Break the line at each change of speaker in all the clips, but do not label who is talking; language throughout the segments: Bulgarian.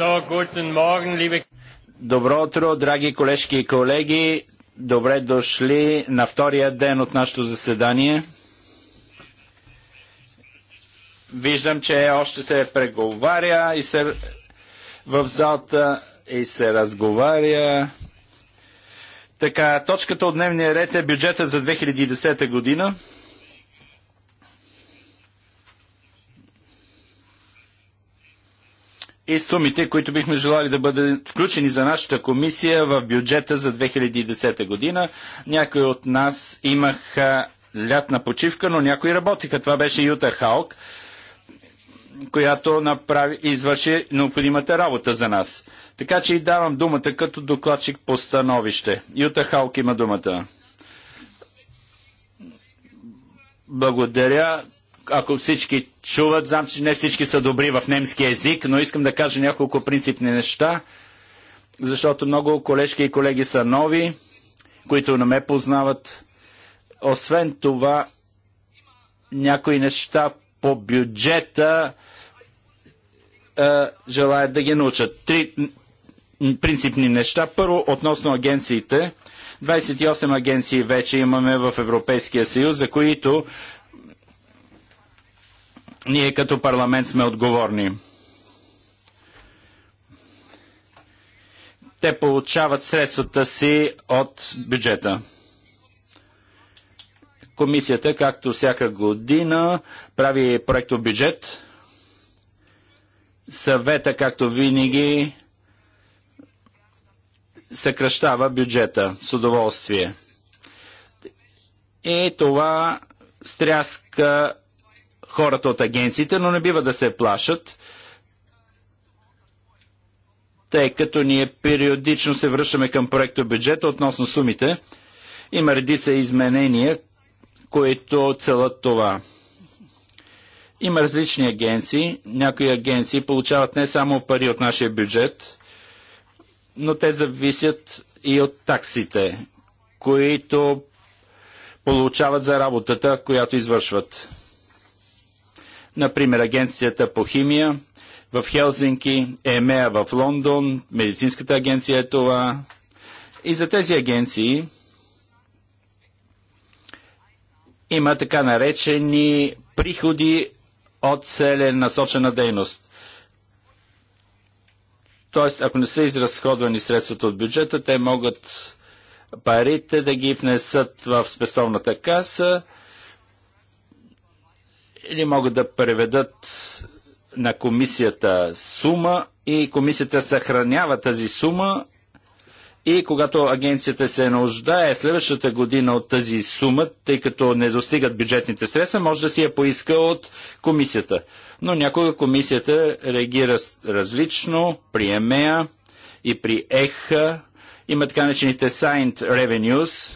So, guten Morgen, liebe... Добро утро, драги колежки и колеги. Добре дошли на втория ден от нашето заседание. Виждам, че още се преговаря и се в залата и се разговаря. Така, точката от дневния ред е бюджета за 2010 година. и сумите, които бихме желали да бъдат включени за нашата комисия в бюджета за 2010 година. Някои от нас имаха лятна почивка, но някои работиха. Това беше Юта Халк, която направи, извърши необходимата работа за нас. Така че и давам думата като докладчик по становище. Юта Халк има думата. Благодаря ако всички чуват, знам, че не всички са добри в немски език, но искам да кажа няколко принципни неща, защото много колежки и колеги са нови, които не ме познават. Освен това, някои неща по бюджета е, желаят да ги научат. Три принципни неща. Първо, относно агенциите. 28 агенции вече имаме в Европейския съюз, за които ние като парламент сме отговорни. Те получават средствата си от бюджета. Комисията, както всяка година, прави проекто бюджет. Съвета, както винаги, съкръщава бюджета с удоволствие. И това стряска хората от агенциите, но не бива да се плашат, тъй като ние периодично се връщаме към проекто бюджета относно сумите. Има редица изменения, които целят това. Има различни агенции. Някои агенции получават не само пари от нашия бюджет, но те зависят и от таксите, които получават за работата, която извършват. Например, Агенцията по химия в Хелзинки, ЕМЕА в Лондон, Медицинската агенция е това. И за тези агенции има така наречени приходи от целенасочена дейност. Тоест, ако не са изразходвани средствата от бюджета, те могат парите да ги внесат в спестовната каса или могат да преведат на комисията сума и комисията съхранява тази сума и когато агенцията се нуждае следващата година от тази сума, тъй като не достигат бюджетните средства, може да си я поиска от комисията. Но някога комисията реагира различно при ЕМЕА и при ЕХА. Има така начините signed revenues,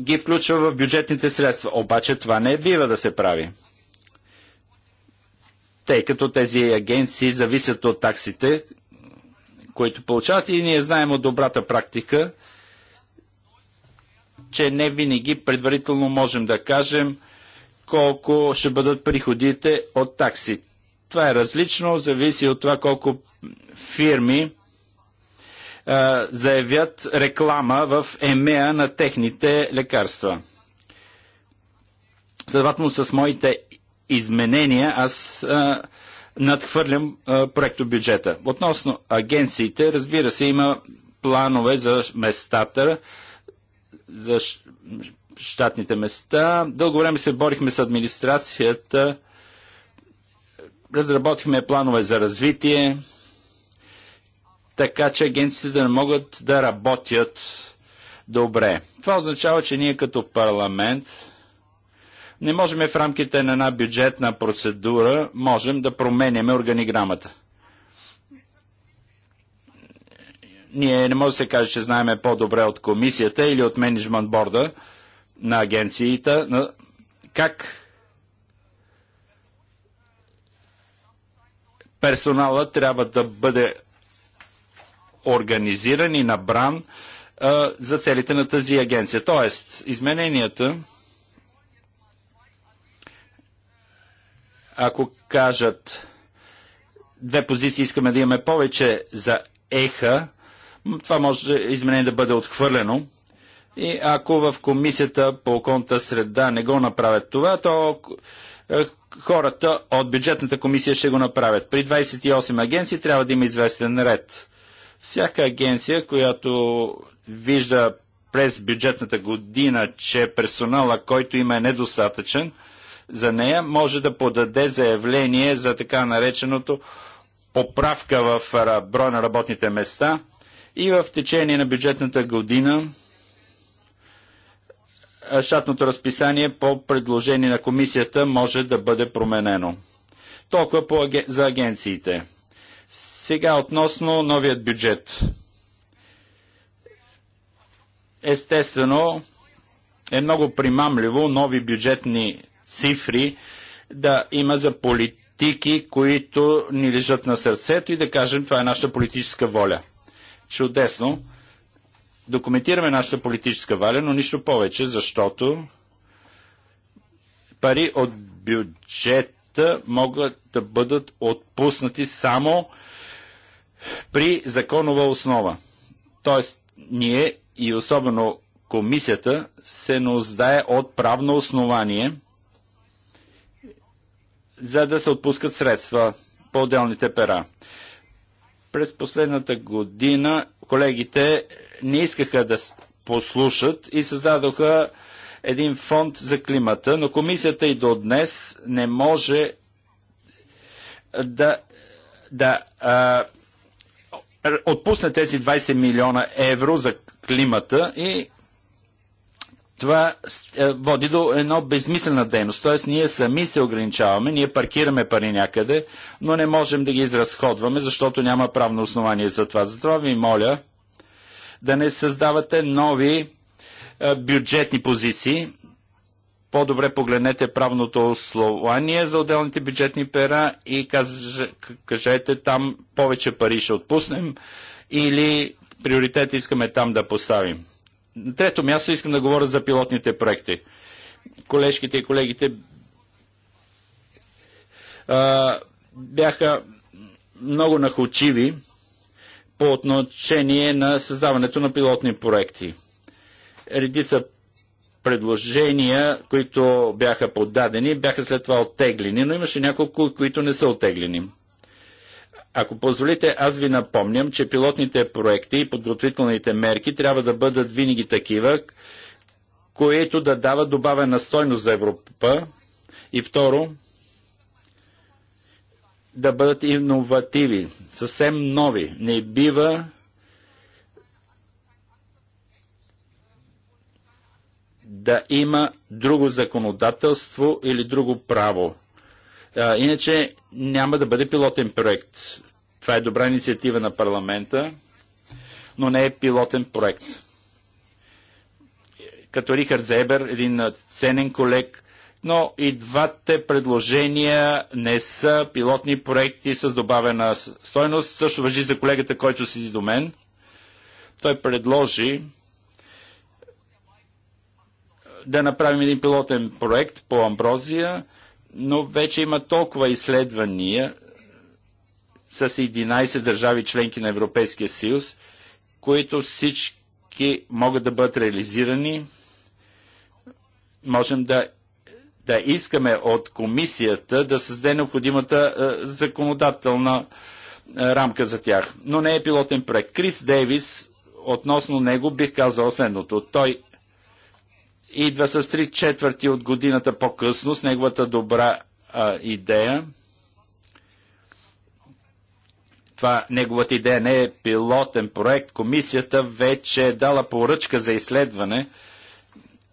ги включва в бюджетните средства. Обаче това не бива да се прави тъй като тези агенции зависят от таксите, които получават и ние знаем от добрата практика, че не винаги предварително можем да кажем колко ще бъдат приходите от такси. Това е различно, зависи от това колко фирми а, заявят реклама в ЕМЕА на техните лекарства. Следователно с моите изменения аз а, надхвърлям а, проекто бюджета. Относно агенциите, разбира се, има планове за местата, за щатните места. Дълго време се борихме с администрацията, разработихме планове за развитие, така че агенциите да не могат да работят добре. Това означава, че ние като парламент не можем в рамките на една бюджетна процедура, можем да променяме органиграмата. Ние не може да се каже, че знаеме по-добре от комисията или от менеджмент борда на агенциите, как персонала трябва да бъде организиран и набран а, за целите на тази агенция. Тоест, измененията ако кажат две позиции, искаме да имаме повече за еха, това може изменение да бъде отхвърлено. И ако в комисията по околната среда не го направят това, то е, хората от бюджетната комисия ще го направят. При 28 агенции трябва да има известен ред. Всяка агенция, която вижда през бюджетната година, че персонала, който има е недостатъчен – за нея, може да подаде заявление за така нареченото поправка в броя на работните места и в течение на бюджетната година шатното разписание по предложение на комисията може да бъде променено. Толкова по, за агенциите. Сега относно новият бюджет. Естествено, е много примамливо нови бюджетни цифри да има за политики, които ни лежат на сърцето и да кажем това е нашата политическа воля. Чудесно. Документираме нашата политическа воля, но нищо повече, защото пари от бюджета могат да бъдат отпуснати само при законова основа. Тоест, ние и особено комисията се нуждае от правно основание – за да се отпускат средства по отделните пера. През последната година колегите не искаха да послушат и създадоха един фонд за климата, но комисията и до днес не може да, да а, отпусне тези 20 милиона евро за климата и това е, води до едно безмислена дейност. Тоест, ние сами се ограничаваме, ние паркираме пари някъде, но не можем да ги изразходваме, защото няма правно основание за това. Затова ви моля да не създавате нови е, бюджетни позиции. По-добре погледнете правното основание за отделните бюджетни пера и кажете там повече пари ще отпуснем или приоритет искаме там да поставим. На трето място искам да говоря за пилотните проекти. Колежките и колегите а, бяха много нахочиви по отношение на създаването на пилотни проекти. Редица предложения, които бяха поддадени, бяха след това оттеглени, но имаше няколко, които не са оттеглени. Ако позволите, аз ви напомням, че пилотните проекти и подготвителните мерки трябва да бъдат винаги такива, които да дават добавена стойност за Европа. И второ, да бъдат иновативи, съвсем нови. Не бива да има друго законодателство или друго право. А, иначе няма да бъде пилотен проект. Това е добра инициатива на парламента, но не е пилотен проект. Като Рихард Зебер, един ценен колег, но и двата предложения не са пилотни проекти с добавена стойност. Също въжи за колегата, който седи до мен. Той предложи да направим един пилотен проект по амброзия, но вече има толкова изследвания с 11 държави членки на Европейския съюз, които всички могат да бъдат реализирани. Можем да, да искаме от комисията да създаде необходимата е, законодателна е, рамка за тях. Но не е пилотен проект. Крис Дейвис, относно него бих казал следното. Той идва с три четвърти от годината по-късно с неговата добра а, идея. Това неговата идея не е пилотен проект. Комисията вече е дала поръчка за изследване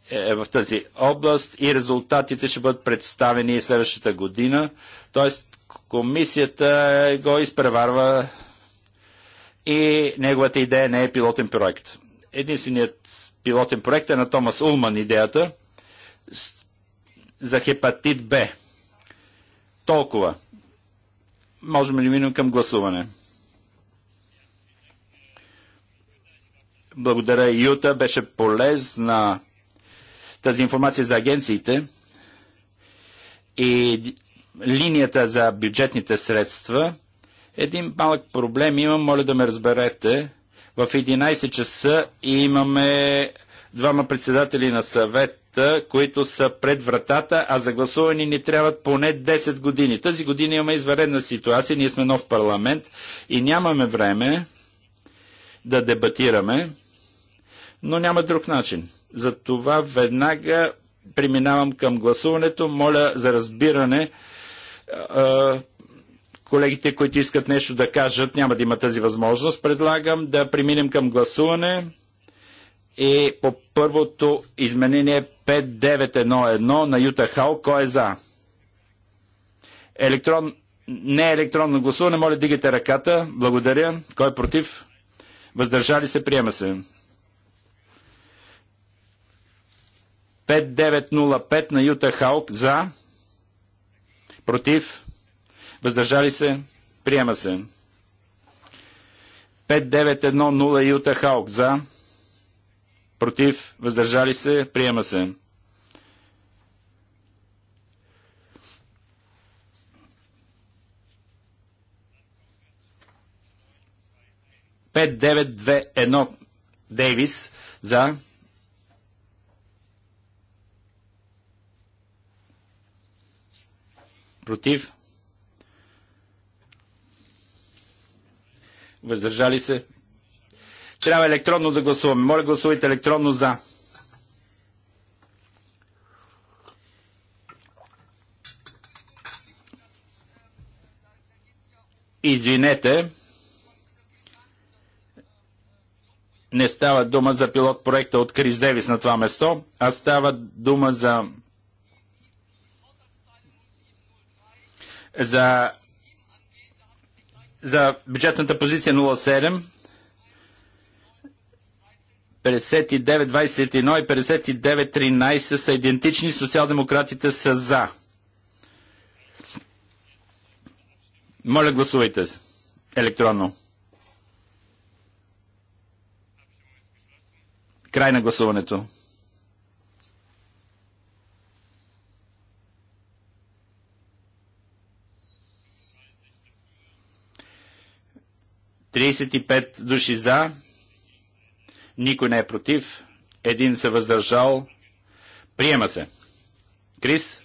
е, е в тази област и резултатите ще бъдат представени следващата година. Тоест, комисията го изпреварва и неговата идея не е пилотен проект. Единственият пилотен проект е на Томас Улман идеята за хепатит Б. Толкова. Можем ли минем към гласуване? Благодаря Юта, беше полезна тази информация за агенциите и линията за бюджетните средства. Един малък проблем имам, моля да ме разберете. В 11 часа имаме двама председатели на съвета, които са пред вратата, а за гласуване ни трябват поне 10 години. Тази година имаме изваредна ситуация, ние сме нов парламент и нямаме време да дебатираме, но няма друг начин. Затова веднага преминавам към гласуването. Моля за разбиране Колегите, които искат нещо да кажат, няма да има тази възможност. Предлагам да преминем към гласуване и по първото изменение 5911 на Юта Хал. Кой е за? Електрон... Не е електронно гласуване, моля дигате ръката. Благодаря. Кой е против? Въздържали се, приема се. 5905 на Юта Халк за. Против. Въздържали се? Приема се. 5910 Юта Халк за. Против? Въздържали се? Приема се. Пет, девет, две, едно, Дейвис за против Въздържали се? Трябва електронно да гласуваме. Моля, гласувайте електронно за. Извинете, не става дума за пилот проекта от Крис Девис на това место, а става дума за за за бюджетната позиция 07 59-21 и 59-13 са идентични. Социал-демократите са за. Моля, гласувайте електронно. Край на гласуването. 35 души за, никой не е против, един се въздържал. Приема се. Крис?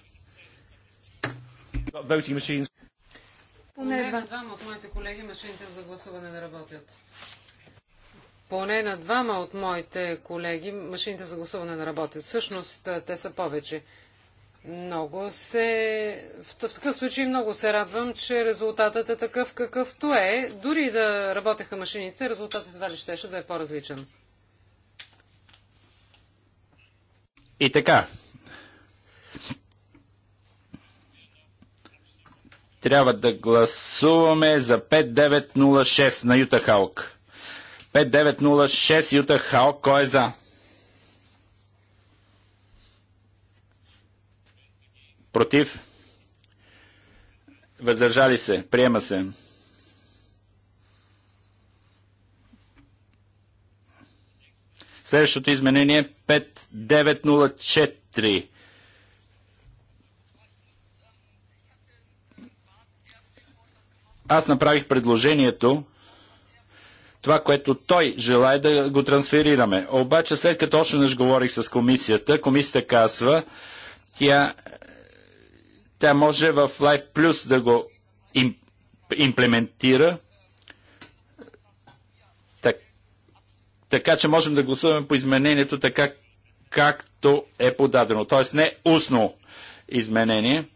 Поне на двама от моите колеги машините за гласуване не работят. Поне на двама от моите колеги машините за гласуване не работят. Всъщност те са повече. Много се... В такъв случай много се радвам, че резултатът е такъв какъвто е. Дори да работеха машините, резултатът едва ли щеше да е по-различен.
И така. Трябва да гласуваме за 5906 на Юта Халк. 5906 Юта Халк, кой е за? Против. Въздържали се. Приема се. Следващото изменение 5904. Е Аз направих предложението, това, което той желая да го трансферираме. Обаче, след като още наш говорих с комисията, комисията казва, тя тя може в Life Plus да го имплементира. Так, така че можем да гласуваме по изменението така, както е подадено. Т.е. не устно изменение.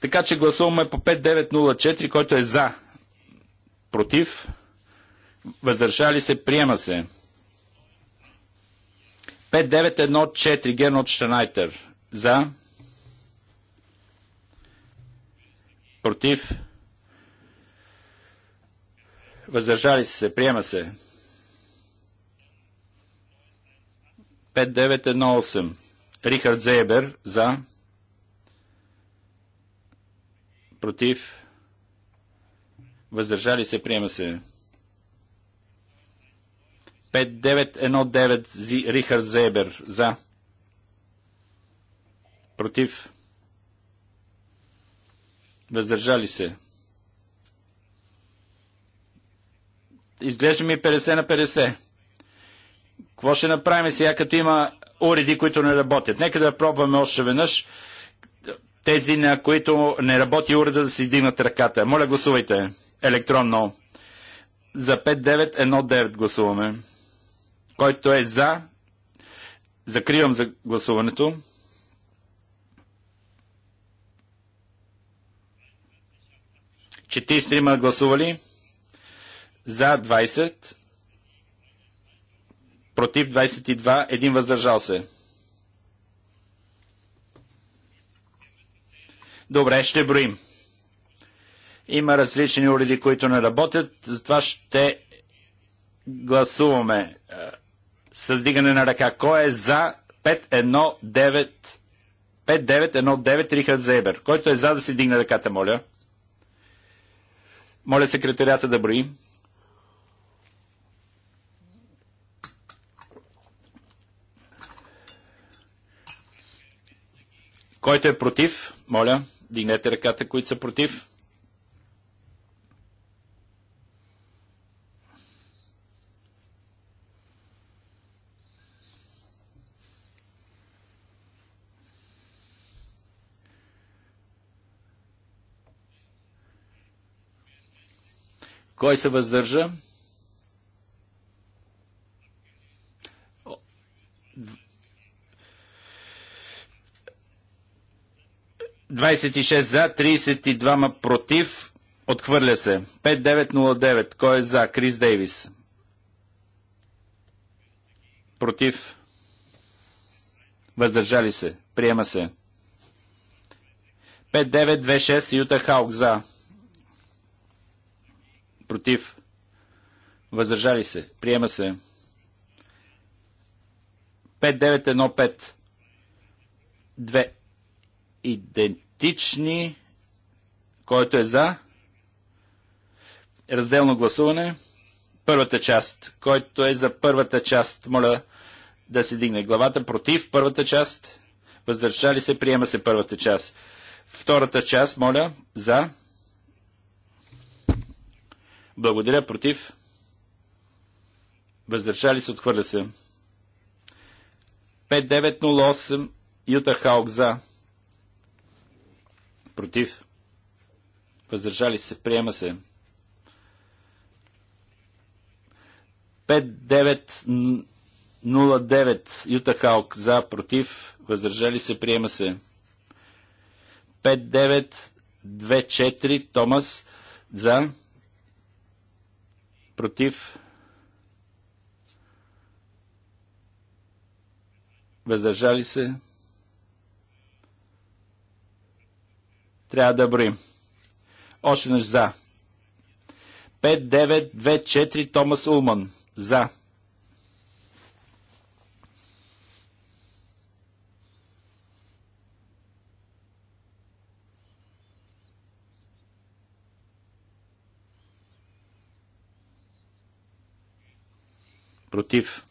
Така че гласуваме по 5904, който е за. Против. Въздържали се. Приема се. 5914 Гернот Штанайтер. За. против, въздържали се, приема се. 5918. Рихард Зейбер за. Против. Въздържали се, приема се. 5919 Рихард Зейбер за. Против. Въздържали се. Изглежда ми 50 на 50. Какво ще направим сега, като има уреди, които не работят? Нека да пробваме още веднъж тези, на които не работи уреда, да си дигнат ръката. Моля, гласувайте електронно. За 5-9-1-9 гласуваме. Който е за, закривам за гласуването. 43 гласували за 20, против 22, един въздържал се. Добре, ще броим. Има различни уреди, които не работят, затова ще гласуваме с дигане на ръка. Кой е за 519 5919 Рихард Зейбер? Който е за да си дигне ръката, моля. Моля секретарята да брои. Който е против, моля, дигнете ръката, които са против. Кой се въздържа? Двадесет и шест за, тридесет и двама против. Отхвърля се. 5909. Кой е за? Крис Дейвис. Против. Въздържали се. Приема се. 5926. Юта Халк за. Против. Въздържали се. Приема се. 5915. Две идентични. Който е за? Разделно гласуване. Първата част. Който е за първата част, моля да се дигне главата. Против първата част. Въздържали се. Приема се първата част. Втората част, моля, за. Благодаря. Против. Въздържали се. Отхвърля се. 5908. Юта Халк за. Против. Въздържали се. Приема се. 5909 Юта Халк за. Против. Въздържали се. Приема се. 5924 Томас за против, въздържали се, трябва да броим. Още за. 5-9-2-4 Томас Улман. За. Против.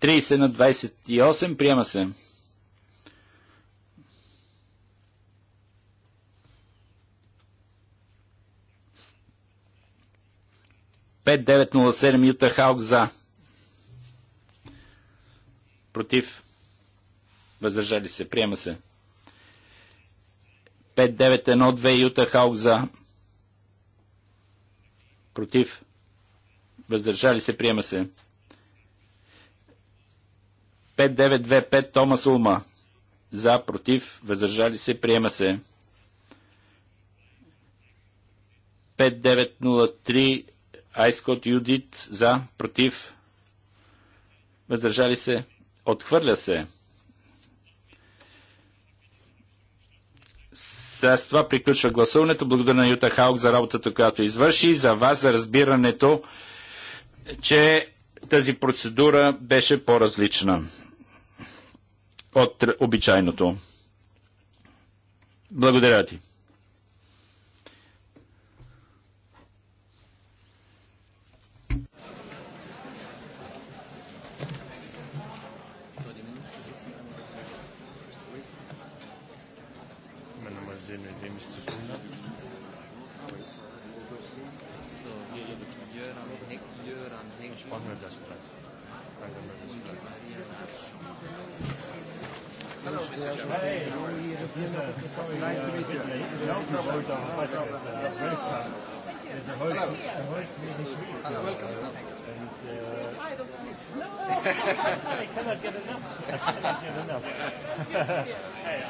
Тридесет на двадесет и осем приема се. 5907 Юта Хаук за. Против. Въздържали се. Приема се. 5912 Юта Халк за. Против. Въздържали се. Приема се. 5925 Томас Улма. За, против, въздържали се, приема се. 5903 Айскот Юдит за, против, въздържали се, отхвърля се. С това приключва гласуването. Благодаря на Юта Хаук за работата, която извърши, за вас, за разбирането, че тази процедура беше по-различна от обичайното. Благодаря ти.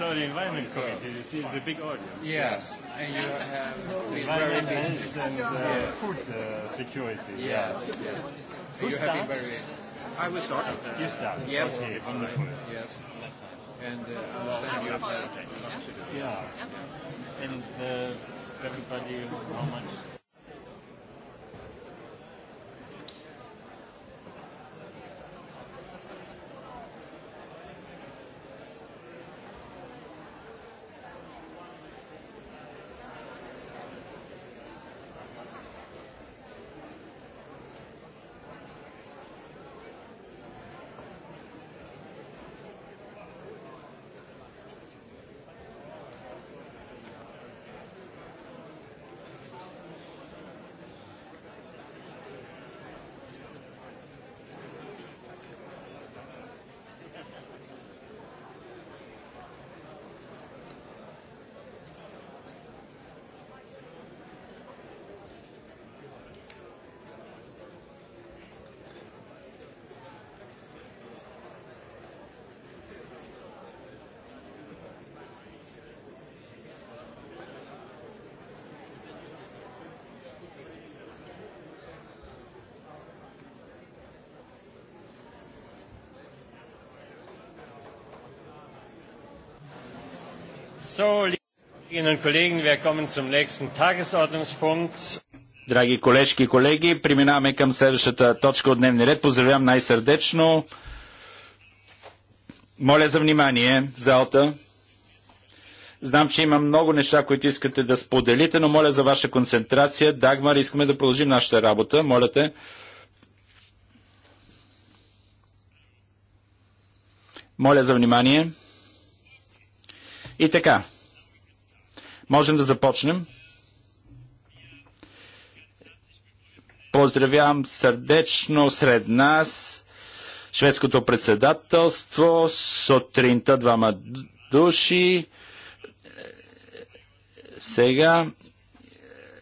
saw the environment committee. You see, it's a big audience. Yes, and you have been very busy. and uh, yeah. food uh, security. Yes, yes. Who you have been very. I will start. Uh, You start. Yes. Okay, wonderful. Yes.
And uh, I understand you have a lot to do. Yeah. And uh,
everybody, how much? So, liebe Kollegen, wir kommen
zum nächsten Tagesordnungspunkt.
Драги колежки и колеги, преминаваме към следващата точка от дневния ред. Поздравявам най-сърдечно. Моля за внимание в залата. Знам, че има много неща, които искате да споделите, но моля за ваша концентрация. Дагмар, искаме да продължим нашата работа. Моля те. Моля за внимание. И така, можем да започнем. Поздравявам сърдечно сред нас шведското председателство, сутринта двама души. Сега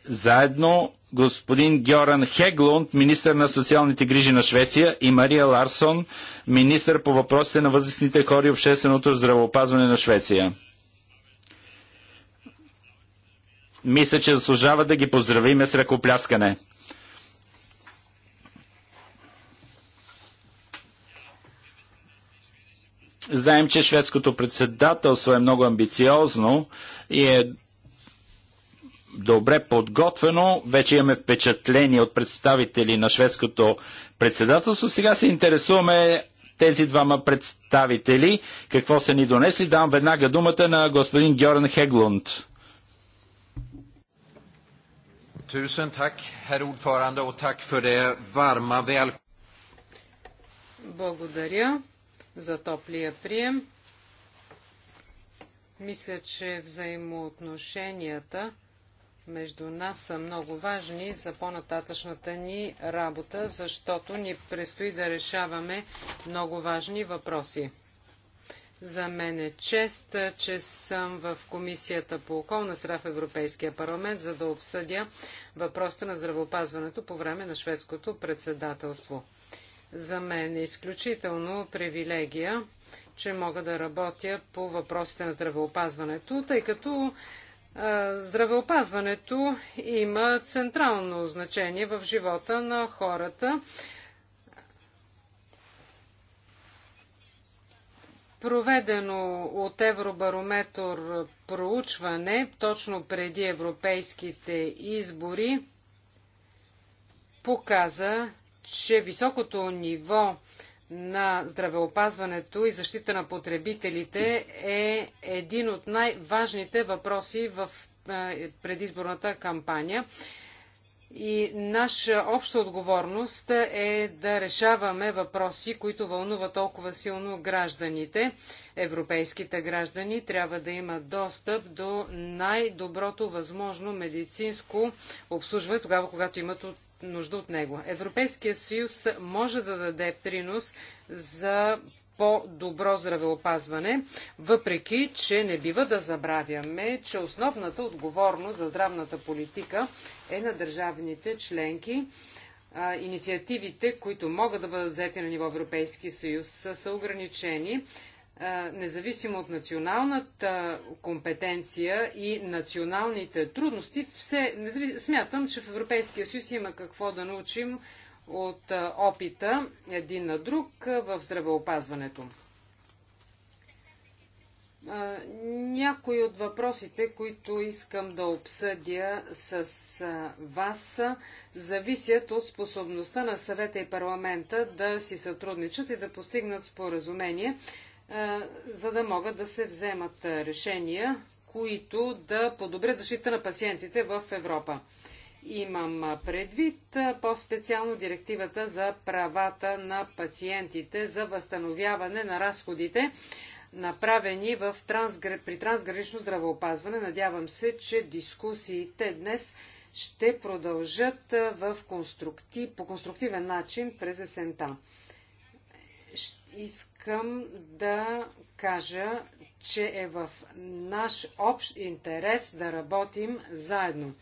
заедно господин Георан Хеглунд, министър на социалните грижи на Швеция, и Мария Ларсон, министър по въпросите на възрастните хора и общественото здравеопазване на Швеция. мисля, че заслужава да ги поздравиме с ръкопляскане. Знаем, че шведското председателство е много амбициозно и е добре подготвено. Вече имаме впечатление от представители на шведското председателство. Сега се интересуваме тези двама представители. Какво са ни донесли? Дам веднага думата на господин Гьорен Хеглунд.
Tusen tack, herr ordförande, och tack för det varma välkomnandet.
Благодаря за топлия прием. Мисля, че взаимоотношенията между нас са много важни за по-нататъчната ни работа, защото ни предстои да решаваме много важни въпроси. За мен е чест, че съм в Комисията по околна среда в Европейския парламент, за да обсъдя въпросите на здравеопазването по време на шведското председателство. За мен е изключително привилегия, че мога да работя по въпросите на здравеопазването, тъй като здравеопазването има централно значение в живота на хората. проведено от Евробарометр проучване точно преди европейските избори показа, че високото ниво на здравеопазването и защита на потребителите е един от най-важните въпроси в е, предизборната кампания. И наша обща отговорност е да решаваме въпроси, които вълнуват толкова силно гражданите. Европейските граждани трябва да имат достъп до най-доброто възможно медицинско обслужване тогава, когато имат от нужда от него. Европейския съюз може да даде принос за по-добро здравеопазване, въпреки, че не бива да забравяме, че основната отговорност за здравната политика е на държавните членки. инициативите, които могат да бъдат взети на ниво Европейски съюз, са, ограничени независимо от националната компетенция и националните трудности, все, смятам, че в Европейския съюз има какво да научим от опита един на друг в здравеопазването. Някои от въпросите, които искам да обсъдя с вас, зависят от способността на съвета и парламента да си сътрудничат и да постигнат споразумение, за да могат да се вземат решения, които да подобрят защита на пациентите в Европа. Имам предвид по-специално директивата за правата на пациентите за възстановяване на разходите, направени в трансгр... при трансгранично здравеопазване. Надявам се, че дискусиите днес ще продължат в конструктив... по конструктивен начин през есента. Искам да кажа, че е в наш общ интерес да работим заедно.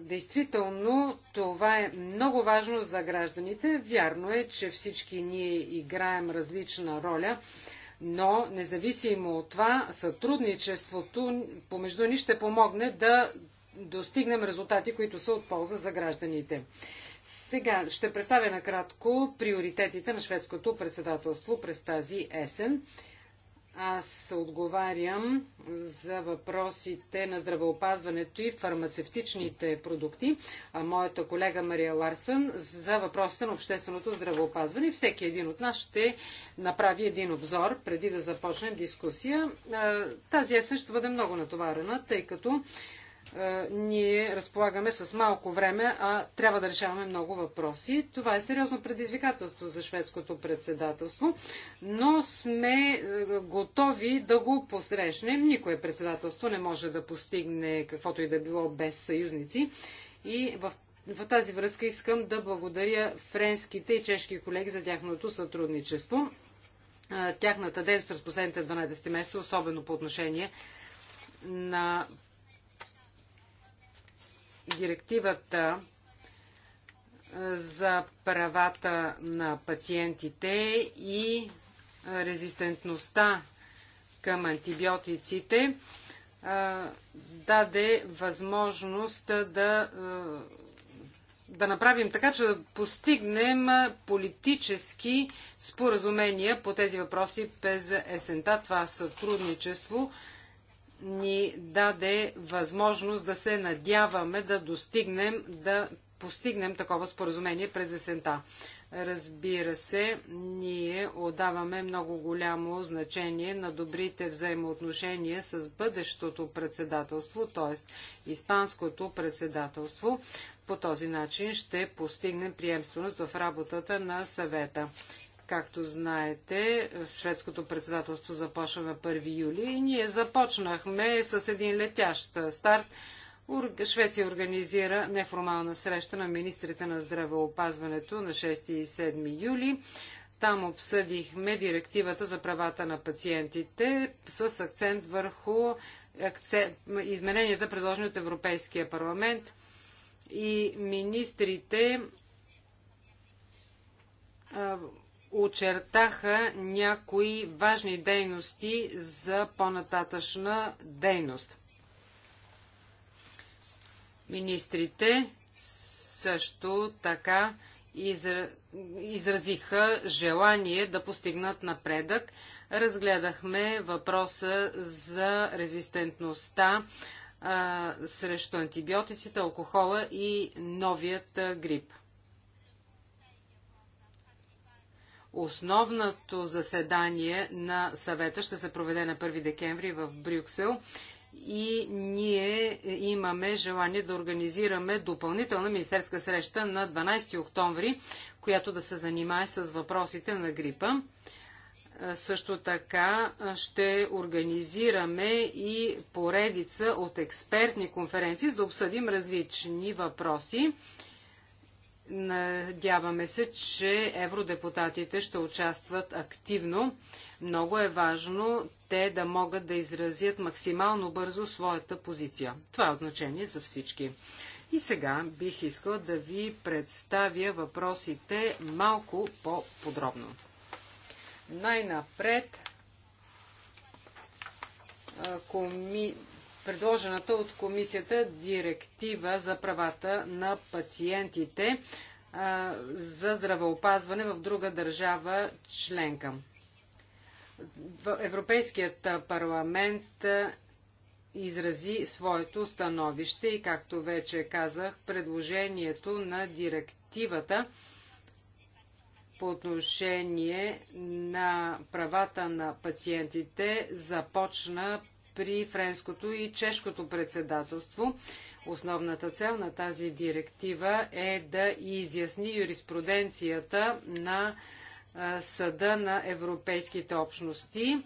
Действително, това е много важно за гражданите. Вярно е, че всички ние играем различна роля, но независимо от това, сътрудничеството помежду ни ще помогне да достигнем резултати, които са от полза за гражданите. Сега ще представя накратко приоритетите на шведското председателство през тази есен. Аз отговарям за въпросите на здравеопазването и фармацевтичните продукти, а моята колега Мария Ларсън за въпросите на общественото здравеопазване. Всеки един от нас ще направи един обзор преди да започнем дискусия. Тази есен ще бъде много натоварена, тъй като е, ние разполагаме с малко време, а трябва да решаваме много въпроси. Това е сериозно предизвикателство за шведското председателство, но сме е, готови да го посрещнем. Никое председателство не може да постигне каквото и да било без съюзници. И в, в тази връзка искам да благодаря френските и чешки колеги за тяхното сътрудничество. Е, тяхната дейност през последните 12 месеца, особено по отношение на директивата за правата на пациентите и резистентността към антибиотиците даде възможност да, да направим така, че да постигнем политически споразумения по тези въпроси през есента. Това сътрудничество ни даде възможност да се надяваме да достигнем, да постигнем такова споразумение през есента. Разбира се, ние отдаваме много голямо значение на добрите взаимоотношения с бъдещото председателство, т.е. Испанското председателство. По този начин ще постигнем приемственост в работата на съвета. Както знаете, шведското председателство започва на 1 юли и ние започнахме с един летящ старт. Швеция организира неформална среща на министрите на здравеопазването на 6 и 7 юли. Там обсъдихме директивата за правата на пациентите с акцент върху измененията, предложени от Европейския парламент. И министрите очертаха някои важни дейности за по-нататъчна дейност. Министрите също така изразиха желание да постигнат напредък. Разгледахме въпроса за резистентността а, срещу антибиотиците, алкохола и новият грип. Основното заседание на съвета ще се проведе на 1 декември в Брюксел и ние имаме желание да организираме допълнителна министерска среща на 12 октомври, която да се занимае с въпросите на грипа. Е, също така е, ще организираме и поредица от експертни конференции, за да обсъдим различни въпроси. Надяваме се, че евродепутатите ще участват активно. Много е важно те да могат да изразят максимално бързо своята позиция. Това е отначение значение за всички. И сега бих искала да ви представя въпросите малко по-подробно. Най-напред коми предложената от комисията директива за правата на пациентите за здравеопазване в друга държава членка. Европейският парламент изрази своето становище и, както вече казах, предложението на директивата по отношение на правата на пациентите започна при френското и чешкото председателство. Основната цел на тази директива е да изясни юриспруденцията на Съда на Европейските общности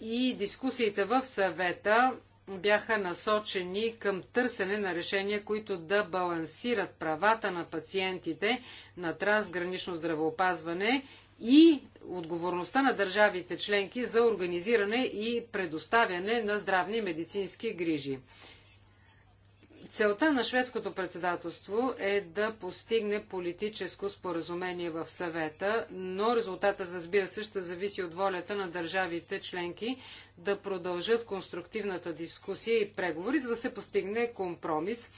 и дискусиите в съвета бяха насочени към търсене на решения, които да балансират правата на пациентите на трансгранично здравеопазване и отговорността на държавите членки за организиране и предоставяне на здравни медицински грижи. Целта на шведското председателство е да постигне политическо споразумение в съвета, но резултата разбира се, ще зависи от волята на държавите членки да продължат конструктивната дискусия и преговори, за да се постигне компромис.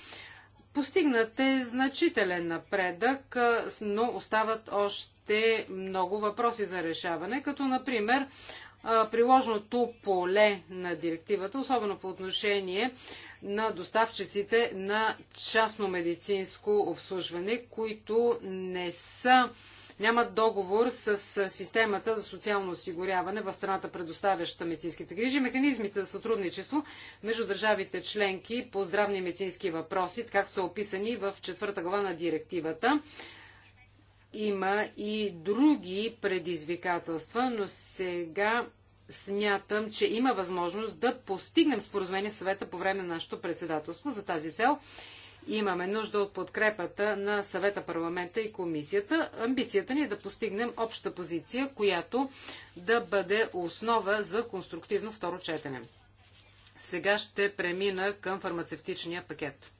Постигнат е значителен напредък, но остават още още много въпроси за решаване, като например приложното поле на директивата, особено по отношение на доставчиците на частно медицинско обслужване, които не са нямат договор с системата за социално осигуряване в страната, предоставяща медицинските грижи, механизмите за сътрудничество между държавите членки по здравни медицински въпроси, както са описани в четвърта глава на директивата има и други предизвикателства, но сега смятам, че има възможност да постигнем споразумение в съвета по време на нашето председателство. За тази цел имаме нужда от подкрепата на съвета, парламента и комисията. Амбицията ни е да постигнем обща позиция, която да бъде основа за конструктивно второ четене. Сега ще премина към фармацевтичния пакет.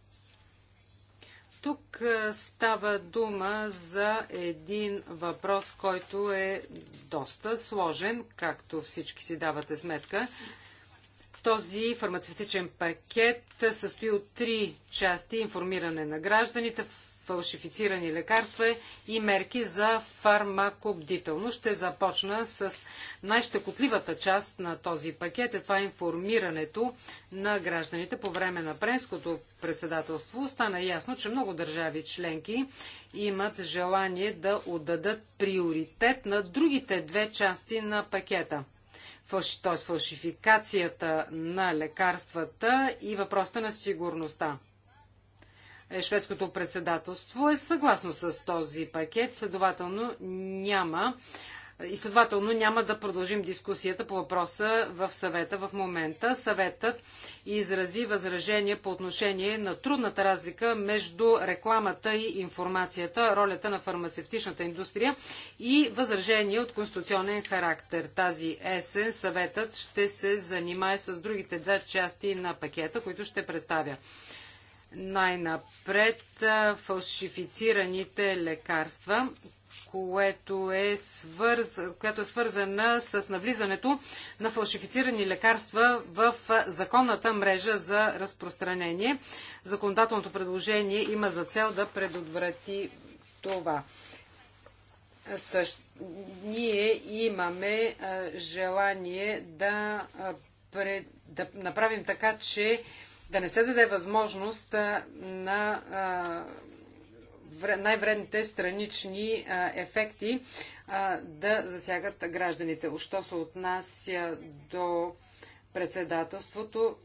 Тук е, става дума за един въпрос, който е доста сложен, както всички си давате сметка. Този фармацевтичен пакет състои от три части. Информиране на гражданите, фалшифицирани лекарства и мерки за фармакобдителност. Ще започна с най-щекотливата част на този пакет. Е това информирането на гражданите по време на пренското председателство. Стана ясно, че много държави членки имат желание да отдадат приоритет на другите две части на пакета т.е. фалшификацията на лекарствата и въпроса на сигурността. Е, шведското председателство е съгласно с този пакет, следователно няма и следователно няма да продължим дискусията по въпроса в съвета в момента. Съветът изрази възражение по отношение на трудната разлика между рекламата и информацията, ролята на фармацевтичната индустрия и възражение от конституционен характер. Тази есен съветът ще се занимае с другите две части на пакета, които ще представя най-напред фалшифицираните лекарства, което е, свърз... което е свързана с навлизането на фалшифицирани лекарства в законната мрежа за разпространение. Законодателното предложение има за цел да предотврати това. Също... Ние имаме желание да, пред... да направим така, че да не се даде възможност на най-вредните странични ефекти да засягат гражданите. Що се отнася до председателството,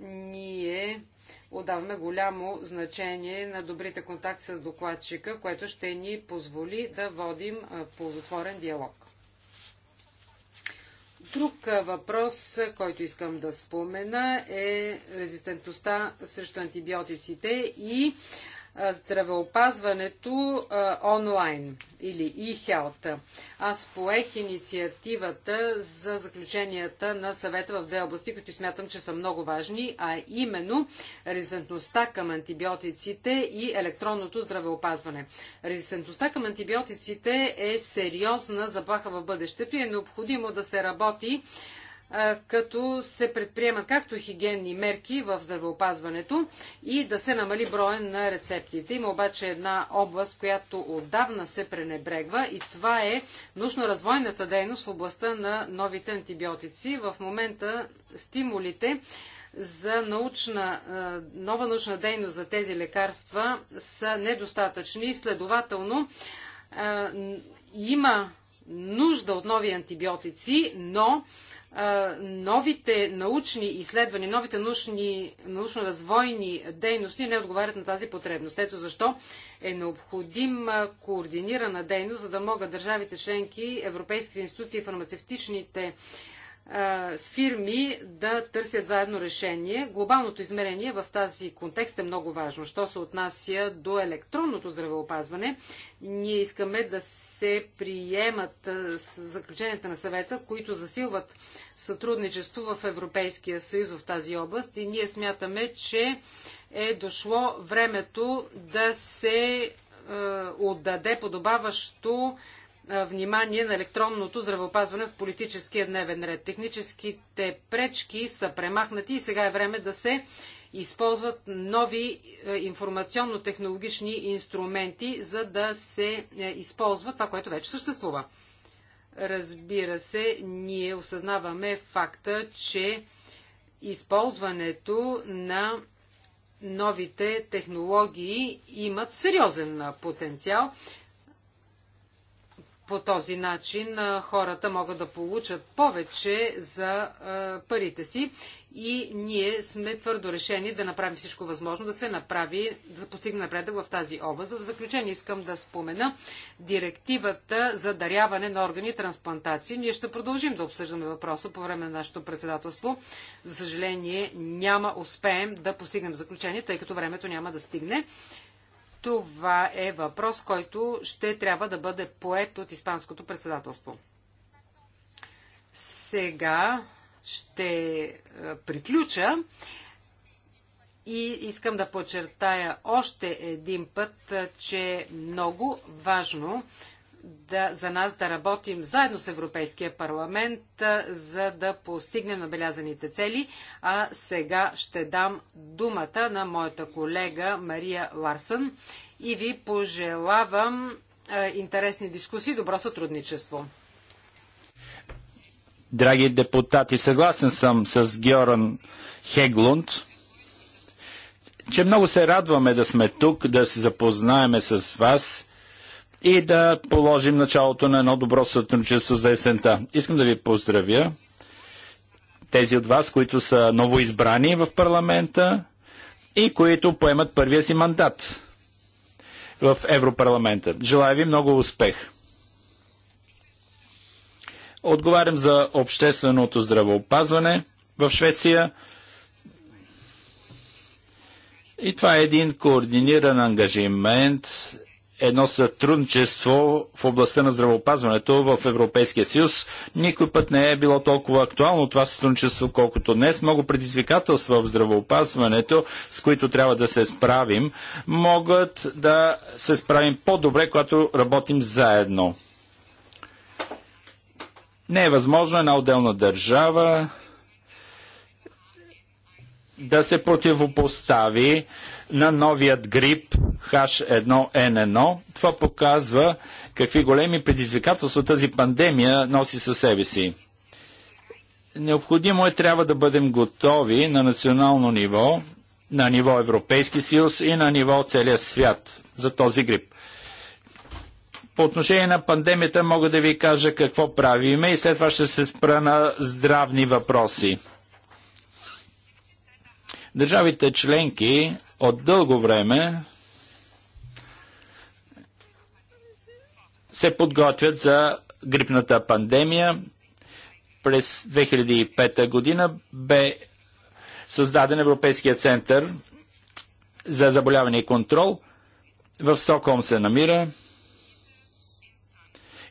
ние отдаваме голямо значение на добрите контакти с докладчика, което ще ни позволи да водим ползотворен диалог. Друг въпрос, който искам да спомена е резистентността срещу антибиотиците и здравеопазването онлайн или e-health. Аз поех инициативата за заключенията на съвета в две области, които смятам, че са много важни, а именно резистентността към антибиотиците и електронното здравеопазване. Резистентността към антибиотиците е сериозна заплаха в бъдещето и е необходимо да се работи като се предприемат както хигиенни мерки в здравеопазването и да се намали броя на рецептите. Има обаче една област, която отдавна се пренебрегва и това е нужно развойната дейност в областта на новите антибиотици. В момента стимулите за научна, нова научна дейност за тези лекарства са недостатъчни. Следователно, има нужда от нови антибиотици, но а, новите научни изследвания, новите научни, научно-развойни дейности не отговарят на тази потребност. Ето защо е необходим координирана дейност, за да могат държавите членки, европейските институции фармацевтичните фирми да търсят заедно решение. Глобалното измерение в тази контекст е много важно. Що се отнася до електронното здравеопазване, ние искаме да се приемат заключенията на съвета, които засилват сътрудничество в Европейския съюз в тази област и ние смятаме, че е дошло времето да се отдаде подобаващо внимание на електронното здравеопазване в политическия дневен ред. Техническите пречки са премахнати и сега е време да се използват нови информационно-технологични инструменти, за да се използва това, което вече съществува. Разбира се, ние осъзнаваме факта, че използването на новите технологии имат сериозен потенциал по този начин хората могат да получат повече за парите си и ние сме твърдо решени да направим всичко възможно да се направи, да постигне напредък в тази област. В заключение искам да спомена директивата за даряване на органи и трансплантации. Ние ще продължим да обсъждаме въпроса по време на нашето председателство. За съжаление няма успеем да постигнем заключение, тъй като времето няма да стигне. Това е въпрос, който ще трябва да бъде поет от Испанското председателство. Сега ще е, приключа и искам да подчертая още един път, е, че е много важно да, за нас да работим заедно с Европейския парламент, за да постигнем набелязаните цели. А сега ще дам думата на моята колега Мария Ларсън и ви пожелавам интересни дискусии и добро сътрудничество.
Драги депутати, съгласен съм с Георан Хеглунд, че много се радваме да сме тук, да се запознаеме с вас – и да положим началото на едно добро сътрудничество за есента. Искам да ви поздравя тези от вас, които са новоизбрани в парламента и които поемат първия си мандат в Европарламента. Желая ви много успех! Отговарям за общественото здравеопазване в Швеция. И това е един координиран ангажимент едно сътрудничество в областта на здравеопазването в Европейския съюз. Никой път не е било толкова актуално това сътрудничество, колкото днес. Много предизвикателства в здравеопазването, с които трябва да се справим, могат да се справим по-добре, когато работим заедно. Не е възможно една отделна държава да се противопостави на новият грип H1N1. Това показва какви големи предизвикателства тази пандемия носи със себе си. Необходимо е трябва да бъдем готови на национално ниво, на ниво Европейски съюз и на ниво целия свят за този грип. По отношение на пандемията мога да ви кажа какво правиме и след това ще се спра на здравни въпроси. Държавите членки от дълго време се подготвят за грипната пандемия. През 2005 година бе създаден Европейския център за заболяване и контрол. В Стокхолм се намира.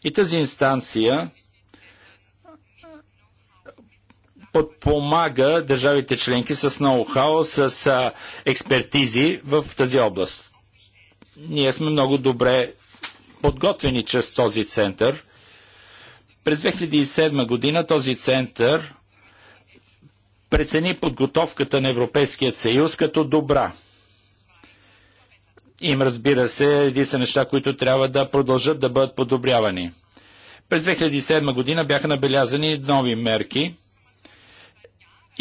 И тази инстанция подпомага държавите членки с ноу-хау, с а, експертизи в тази област. Ние сме много добре подготвени чрез този център. През 2007 година този център прецени подготовката на Европейският съюз като добра. Им разбира се, реди са неща, които трябва да продължат да бъдат подобрявани. През 2007 година бяха набелязани нови мерки –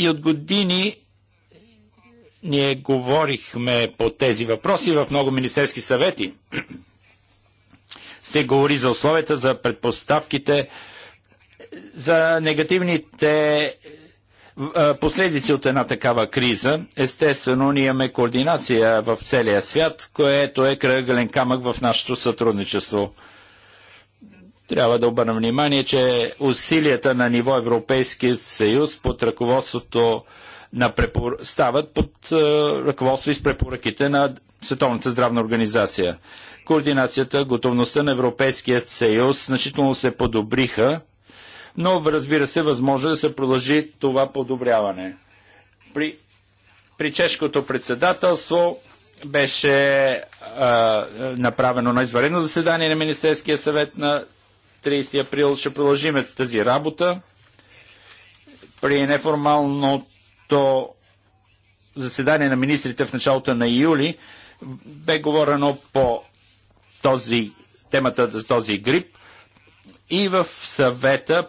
и от години ние говорихме по тези въпроси в много министерски съвети. Се говори за условията, за предпоставките, за негативните последици от една такава криза. Естествено, ние имаме координация в целия свят, което е кръгълен камък в нашето сътрудничество. Трябва да обърна внимание, че усилията на ниво Европейския съюз под ръководството на препор... стават под е, ръководство и с препоръките на Световната здравна организация. Координацията, готовността на Европейския съюз значително се подобриха, но разбира се, възможно е да се продължи това подобряване. При, при чешкото председателство беше е, е направено на изварено заседание на Министерския съвет на 30 април ще продължим тази работа. При неформалното заседание на министрите в началото на юли бе говорено по този, темата с този грип и в съвета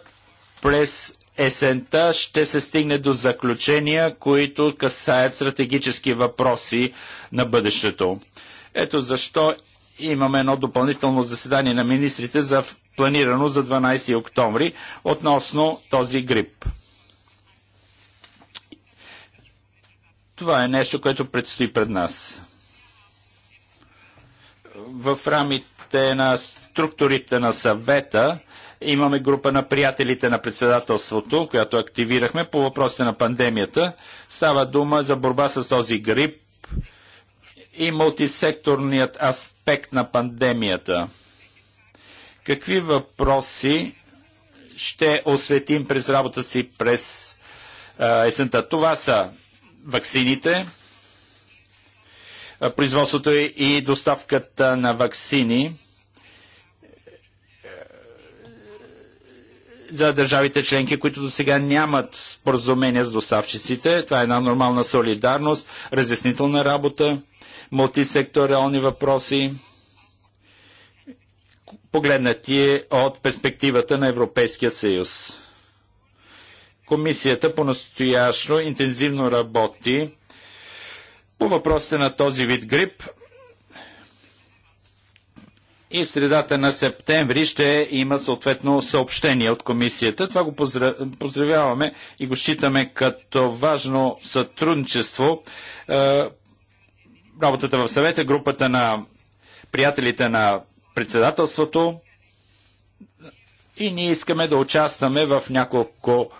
през есента ще се стигне до заключения, които касаят стратегически въпроси на бъдещето. Ето защо имаме едно допълнително заседание на министрите за планирано за 12 октомври относно този грип. Това е нещо, което предстои пред нас. В рамите на структурите на съвета имаме група на приятелите на председателството, която активирахме по въпросите на пандемията. Става дума за борба с този грип и мултисекторният аспект на пандемията – Какви въпроси ще осветим през работа си през а, есента? Това са ваксините, производството и доставката на ваксини за държавите членки, които до сега нямат споразумения с доставчиците. Това е една нормална солидарност, разяснителна работа, мултисекториални въпроси погледнати е от перспективата на Европейския съюз. Комисията по-настоящно интензивно работи по въпросите на този вид грип и в средата на септември ще има съответно съобщение от комисията. Това го поздравяваме и го считаме като важно сътрудничество. Е, работата в съвета, групата на приятелите на председателството и ние искаме да участваме в няколко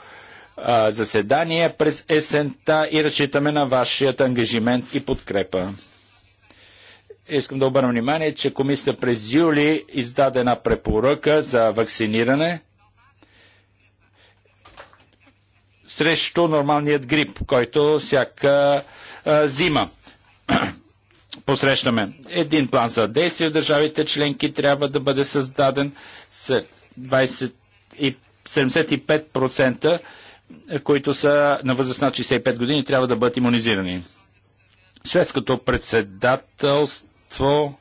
а, заседания през есента и разчитаме на вашият ангажимент и подкрепа. Искам да обърна внимание, че комисията през юли издаде една препоръка за вакциниране срещу нормалният грип, който всяка а, зима посрещаме. Един план за действие в държавите членки трябва да бъде създаден с 20 75%, които са на възраст на 65 години, трябва да бъдат иммунизирани. Шведското председателство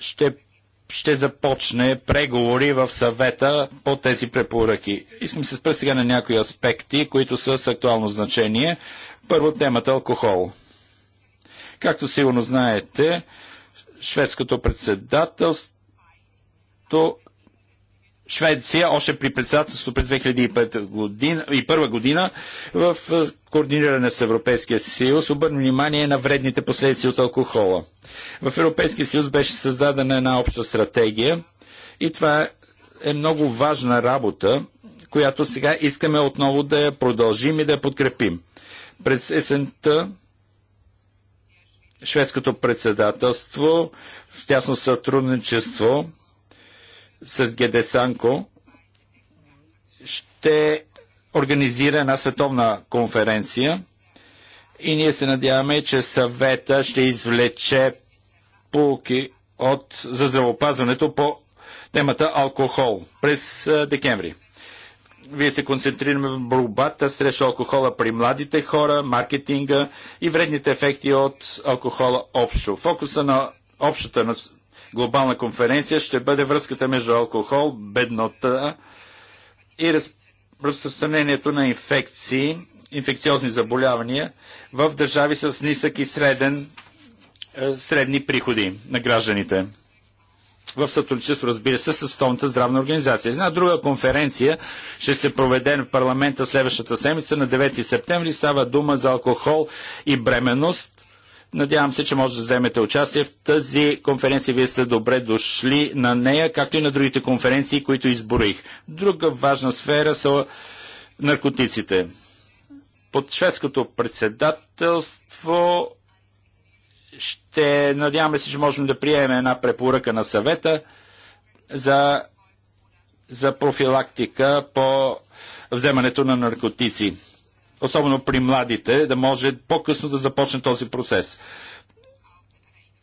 ще, ще започне преговори в съвета по тези препоръки. Искам се спра сега на някои аспекти, които са с актуално значение. Първо темата алкохол. Както сигурно знаете, шведското председателство Швеция още при председателството през 2001 година, и първа година в е, координиране с Европейския съюз обърна внимание на вредните последици от алкохола. В Европейския съюз беше създадена една обща стратегия и това е много важна работа, която сега искаме отново да я продължим и да я подкрепим. През есента шведското председателство в тясно сътрудничество с Гедесанко ще организира една световна конференция и ние се надяваме, че съвета ще извлече полки от, за здравеопазването по темата алкохол през декември. Вие се концентрираме в борбата срещу алкохола при младите хора, маркетинга и вредните ефекти от алкохола общо. Фокуса на общата на глобална конференция ще бъде връзката между алкохол, беднота и раз... разпространението на инфекции, инфекциозни заболявания в държави с нисък и среден, е, средни приходи на гражданите в сътрудничество, разбира се, с Световната здравна организация. Една друга конференция ще се проведе в парламента следващата седмица на 9 септември. Става дума за алкохол и бременност. Надявам се, че може да вземете участие в тази конференция. Вие сте добре дошли на нея, както и на другите конференции, които изборих. Друга важна сфера са наркотиците. Под шведското председателство ще надяваме се, че можем да приемем една препоръка на съвета за, за профилактика по вземането на наркотици. Особено при младите, да може по-късно да започне този процес.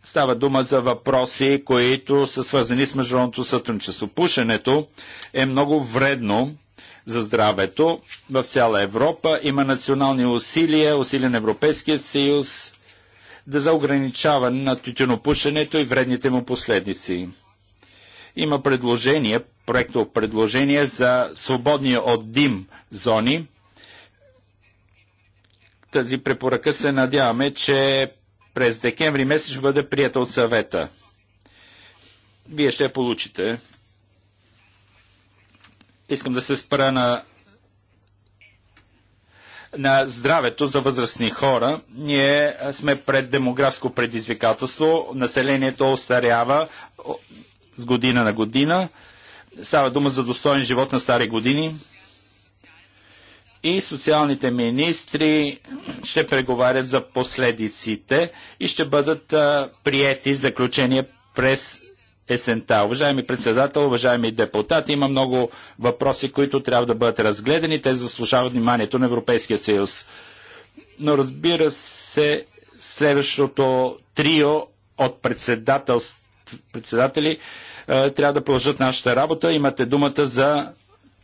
Става дума за въпроси, които са свързани с международното сътрудничество. Пушенето е много вредно за здравето в цяла Европа. Има национални усилия, усилия на Европейския съюз, да за ограничаване на тютюнопушенето и вредните му последици. Има предложение, проекто предложение за свободни от дим зони. Тази препоръка се надяваме, че през декември месец ще бъде прията от съвета. Вие ще получите. Искам да се спра на на здравето за възрастни хора. Ние сме пред демографско предизвикателство. Населението остарява с година на година. Става дума за достоен живот на стари години. И социалните министри ще преговарят за последиците и ще бъдат а, приети заключения през есента. Уважаеми председател, уважаеми депутати, има много въпроси, които трябва да бъдат разгледани. Те заслужават вниманието на Европейския съюз. Но разбира се, следващото трио от председатели е, трябва да продължат нашата работа. Имате думата за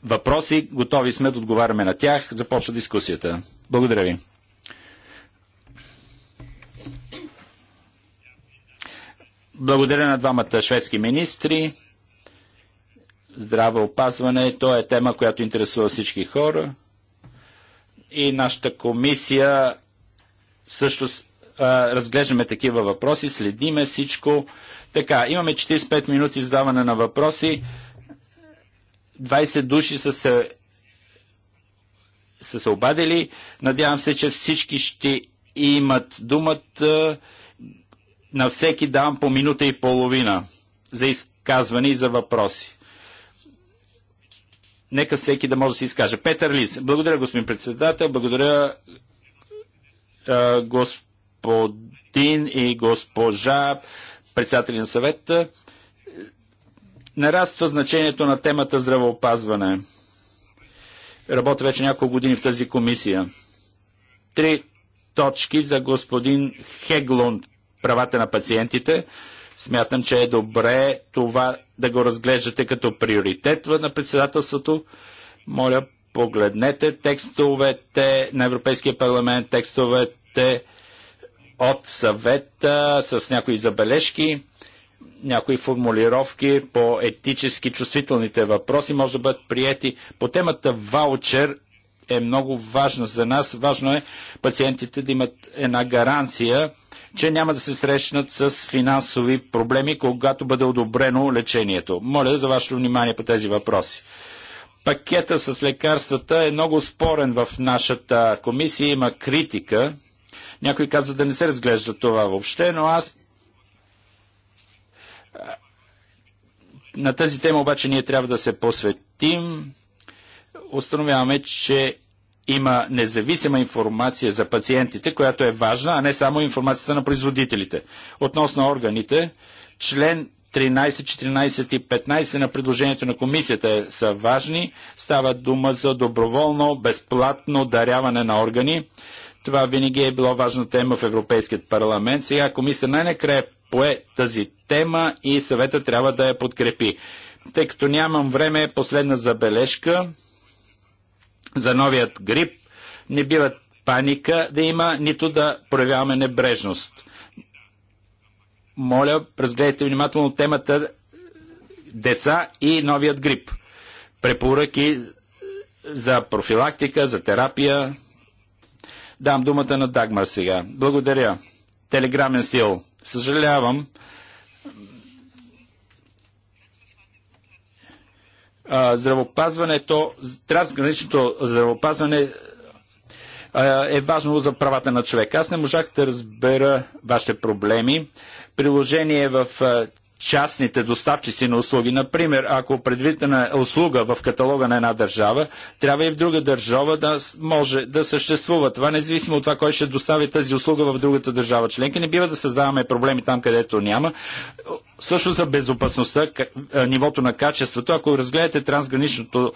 въпроси. Готови сме да отговаряме на тях. Започва дискусията. Благодаря ви. Благодаря на двамата шведски министри. опазване. то е тема, която интересува всички хора. И нашата комисия също а, разглеждаме такива въпроси, следиме всичко. Така, имаме 45 минути задаване на въпроси. 20 души са се, са се обадили. Надявам се, че всички ще имат думата на всеки давам по минута и половина за изказване и за въпроси. Нека всеки да може да се изкаже. Петър Лис. Благодаря, господин председател. Благодаря, а, господин и госпожа председатели на съвета. Нараства значението на темата здравеопазване. Работя вече няколко години в тази комисия. Три точки за господин Хеглунд правата на пациентите. Смятам, че е добре това да го разглеждате като приоритет на председателството. Моля, погледнете текстовете на Европейския парламент, текстовете от съвета с някои забележки, някои формулировки по етически чувствителните въпроси може да бъдат приети. По темата ваучер е много важно за нас. Важно е пациентите да имат една гаранция, че няма да се срещнат с финансови проблеми, когато бъде одобрено лечението. Моля за вашето внимание по тези въпроси. Пакета с лекарствата е много спорен в нашата комисия. Има критика. Някой казва да не се разглежда това въобще, но аз на тази тема обаче ние трябва да се посветим установяваме, че има независима информация за пациентите, която е важна, а не само информацията на производителите. Относно органите, член 13, 14 и 15 на предложението на комисията е- са важни. Става дума за доброволно, безплатно даряване на органи. Това винаги е било важна тема в Европейският парламент. Сега комисията най-накрая пое тази тема и съвета трябва да я подкрепи. Тъй като нямам време, последна забележка за новият грип, не бива паника да има, нито да проявяваме небрежност. Моля, разгледайте внимателно темата деца и новият грип. Препоръки за профилактика, за терапия. Дам думата на Дагмар сега. Благодаря. Телеграмен стил. Съжалявам, здравопазването, трансграничното здравопазване е важно за правата на човека. Аз не можах да разбера вашите проблеми. Приложение в частните доставчици на услуги. Например, ако предвидена услуга в каталога на една държава, трябва и в друга държава да може да съществува. Това независимо от това, кой ще достави тази услуга в другата държава членка. Не бива да създаваме проблеми там, където няма. Също за безопасността, нивото на качеството, ако разгледате трансграничното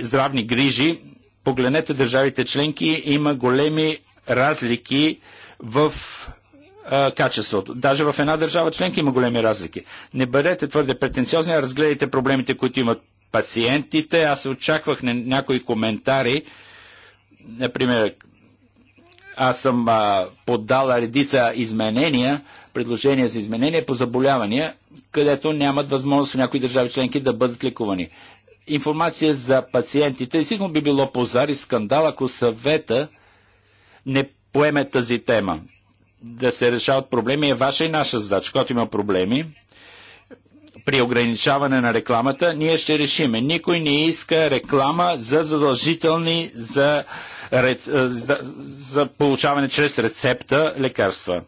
здравни грижи, погледнете държавите членки, има големи разлики в качеството. Даже в една държава членка има големи разлики. Не бъдете твърде претенциозни, а разгледайте проблемите, които имат пациентите. Аз се очаквах на някои коментари. Например, аз съм а, поддала редица изменения, предложения за изменения по заболявания, където нямат възможност в някои държави членки да бъдат ликувани. Информация за пациентите и сигурно би било позар и скандал, ако съвета не поеме тази тема да се решават проблеми е ваша и наша задача. Когато има проблеми, при ограничаване на рекламата, ние ще решиме. Никой не иска реклама за задължителни за, за, за получаване чрез рецепта лекарства.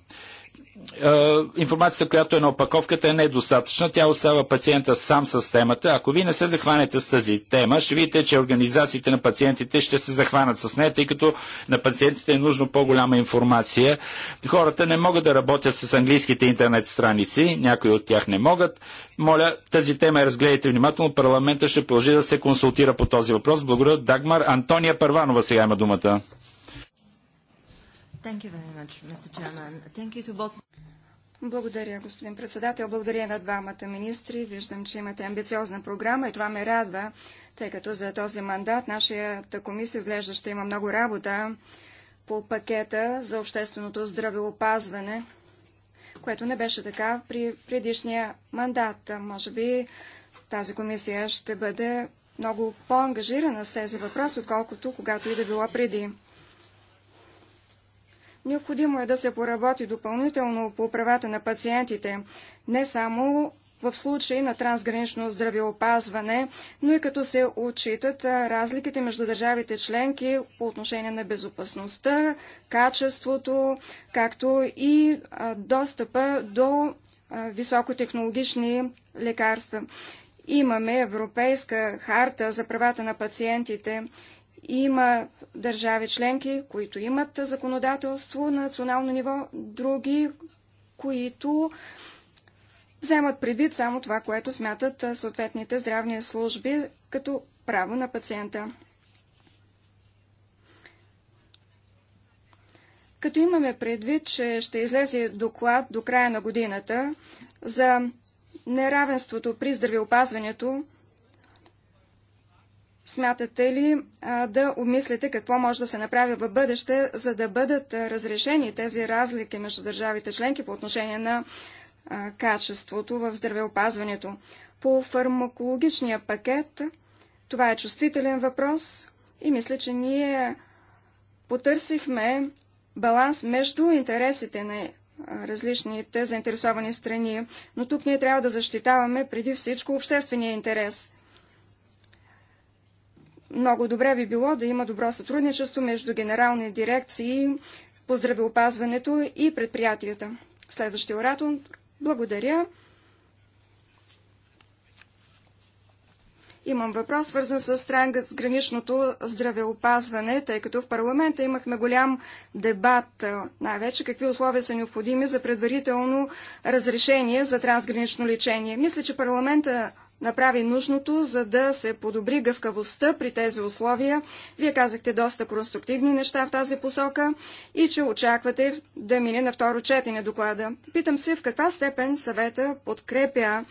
Е, информацията, която е на опаковката е недостатъчна. Тя остава пациента сам с темата. Ако вие не се захванете с тази тема, ще видите, че организациите на пациентите ще се захванат с нея, тъй като на пациентите е нужно по-голяма информация. Хората не могат да работят с английските интернет страници, някои от тях не могат. Моля, тази тема разгледайте внимателно. Парламента ще продължи да се консултира по този въпрос. Благодаря, Дагмар. Антония Първанова сега има думата.
Much, both... Благодаря, господин председател. Благодаря на двамата министри. Виждам, че имате амбициозна програма и това ме радва, тъй като за този мандат нашата комисия изглежда ще има много работа по пакета за общественото здравеопазване, което не беше така при предишния мандат. Може би тази комисия ще бъде много по-ангажирана с тези въпроси, отколкото когато и да било преди. Необходимо е да се поработи допълнително по правата на пациентите, не само в случай на трансгранично здравеопазване, но и като се отчитат разликите между държавите членки по отношение на безопасността, качеството, както и достъпа до високотехнологични лекарства. Имаме Европейска харта за правата на пациентите има държави членки, които имат законодателство на национално ниво, други, които вземат предвид само това, което смятат съответните здравни служби като право на пациента. Като имаме предвид, че ще излезе доклад до края на годината за неравенството при здравеопазването, Смятате ли а, да обмислите какво може да се направи в бъдеще, за да бъдат разрешени тези разлики между държавите членки по отношение на а, качеството в здравеопазването? По фармакологичния пакет това е чувствителен въпрос и мисля, че ние потърсихме баланс между интересите на различните заинтересовани страни, но тук ние трябва да защитаваме преди всичко обществения интерес. Много добре би било да има добро сътрудничество между генерални дирекции по здравеопазването и предприятията. Следващия оратор. Благодаря. Имам въпрос, свързан с граничното здравеопазване, тъй като в парламента имахме голям дебат, най-вече какви условия са необходими за предварително разрешение за трансгранично лечение. Мисля, че парламента направи нужното, за да се подобри гъвкавостта при тези условия. Вие казахте доста конструктивни неща в тази посока и че очаквате да мине на второ четене доклада. Питам се в каква степен съвета подкрепя